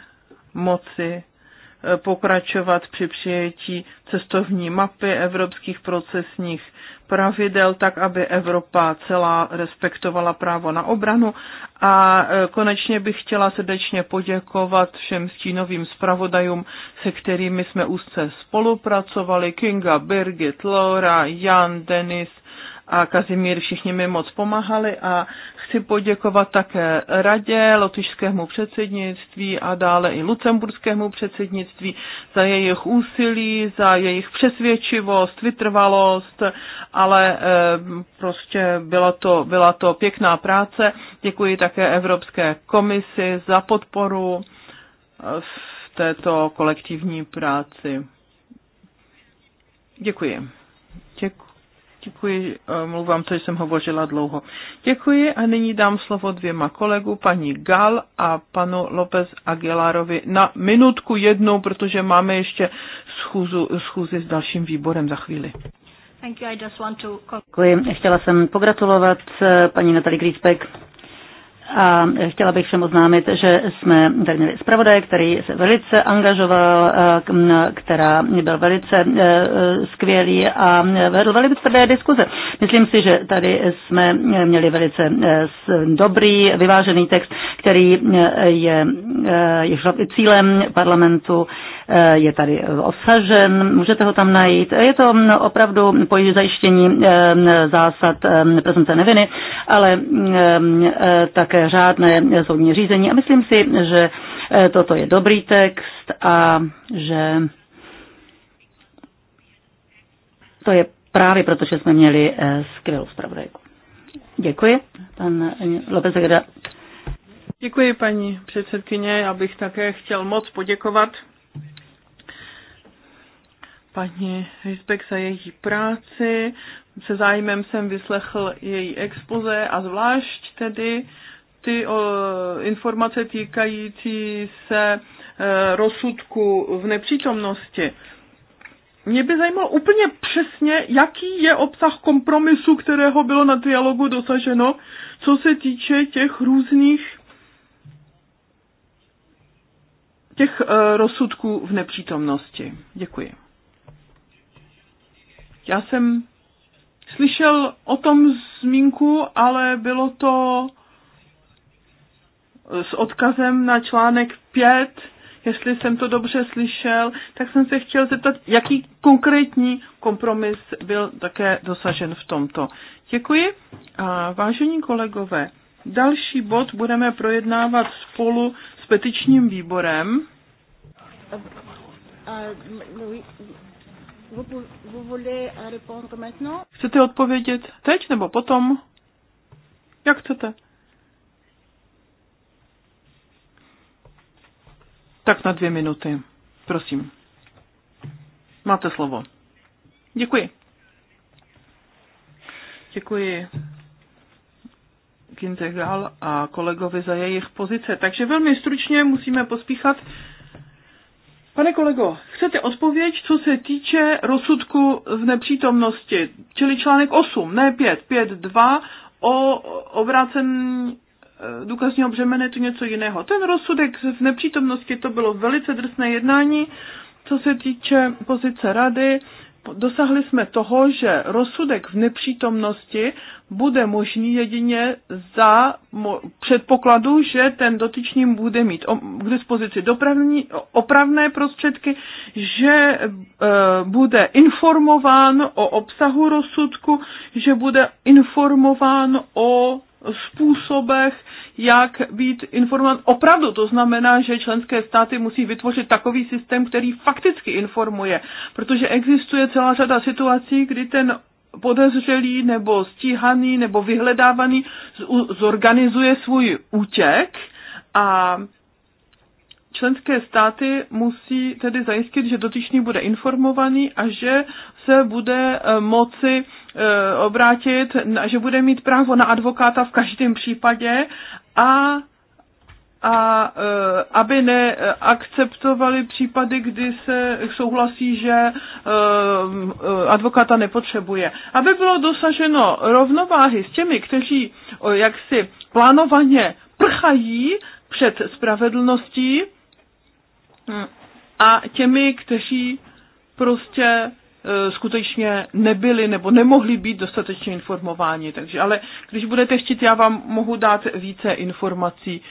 moci eh, pokračovat při přijetí cestovní mapy evropských procesních pravidel tak, aby Evropa celá respektovala právo na obranu. A e, konečně bych chtěla srdečně poděkovat všem stínovým zpravodajům, se kterými jsme úzce spolupracovali. Kinga, Birgit, Laura, Jan, Denis, a Kazimír všichni mi moc pomáhali a chci poděkovat také radě, lotyšskému předsednictví a dále i lucemburskému předsednictví za jejich úsilí, za jejich přesvědčivost, vytrvalost, ale eh, prostě byla to, byla to pěkná práce. Děkuji také Evropské komisi za podporu eh, v této kolektivní práci. Děkuji. Děkuji, mluvám, co jsem hovořila dlouho. Děkuji a nyní dám slovo dvěma kolegu, paní Gal a panu López Aguilarovi na minutku jednou, protože máme ještě schůzu, schůzi s dalším výborem za chvíli. Děkuji. Chtěla jsem pogratulovat eh, paní Natalie Griesbeck a chtěla bych všem oznámit, že jsme tady měli zpravodaje, který se velice angažoval, eh, která byl velice eh, skvělý a vedl velice tvrdé diskuze. Myslím si, že tady jsme měli velice eh, dobrý, vyvážený text, který je, je cílem parlamentu, je tady obsažen, můžete ho tam najít. Je to mm, opravdu po zajištění zásad prezence neviny, ale mm, také také řádné soudní řízení. A myslím si, že eh, toto je dobrý text a že to je právě proto, že jsme měli eh, skvělou zpravodajku. Děkuji, pan eh, López Agreda. Děkuji, paní předsedkyně. Já bych také chtěl moc poděkovat paní Rizbek za její práci. Se zájmem jsem vyslechl její expoze a zvlášť tedy ty o, informace týkající se e, rozsudku v nepřítomnosti. Mě by zajímalo úplně přesně, jaký je obsah kompromisu, kterého bylo na dialogu dosaženo, co se týče těch různých těch e, rozsudků v nepřítomnosti. Děkuji. Já jsem slyšel o tom zmínku, ale bylo to s odkazem na článek 5, jestli jsem to dobře slyšel, tak jsem se chtěl zeptat, jaký konkrétní kompromis byl také dosažen v tomto. Děkuji. A vážení kolegové, další bod budeme projednávat spolu s petičním výborem. Chcete odpovědět teď nebo potom? Jak chcete? tak na dvě minuty. Prosím. Máte slovo. Děkuji. Děkuji Kintegal a kolegovi za jejich pozice. Takže velmi stručně musíme pospíchat. Pane kolego, chcete odpověď, co se týče rozsudku v nepřítomnosti, čili článek 8, ne 5, 5, 2 o obrácení Eh, důkazního břemene je to něco jiného. Ten rozsudek v nepřítomnosti to bylo velice drsné jednání, co se týče pozice rady, dosáhli jsme toho, že rozsudek v nepřítomnosti bude možný jedině za předpokladu, že ten dotyčný bude mít k dispozici dopravní, opravné prostředky, že eh, bude informován o obsahu rozsudku, že bude informován o způsobech, jak být informován opravdu. To znamená, že členské státy musí vytvořit takový systém, který fakticky informuje, protože existuje celá řada situací, kdy ten podezřelý nebo stíhaný nebo vyhledávaný zorganizuje svůj útěk a členské státy musí tedy zajistit, že dotyčný bude informovaný a že se bude eh, moci Eh, obrátit, že bude mít právo na advokáta v každém případě a a eh, aby neakceptovali případy, kdy se souhlasí, že eh, advokáta nepotřebuje. Aby bylo dosaženo rovnováhy s těmi, kteří jaksi plánovaně prchají před spravedlností mm, a těmi, kteří prostě E, skutečně nebyli nebo nemohli být dostatečně informováni. Takže, ale když budete chtít, já vám mohu dát více informací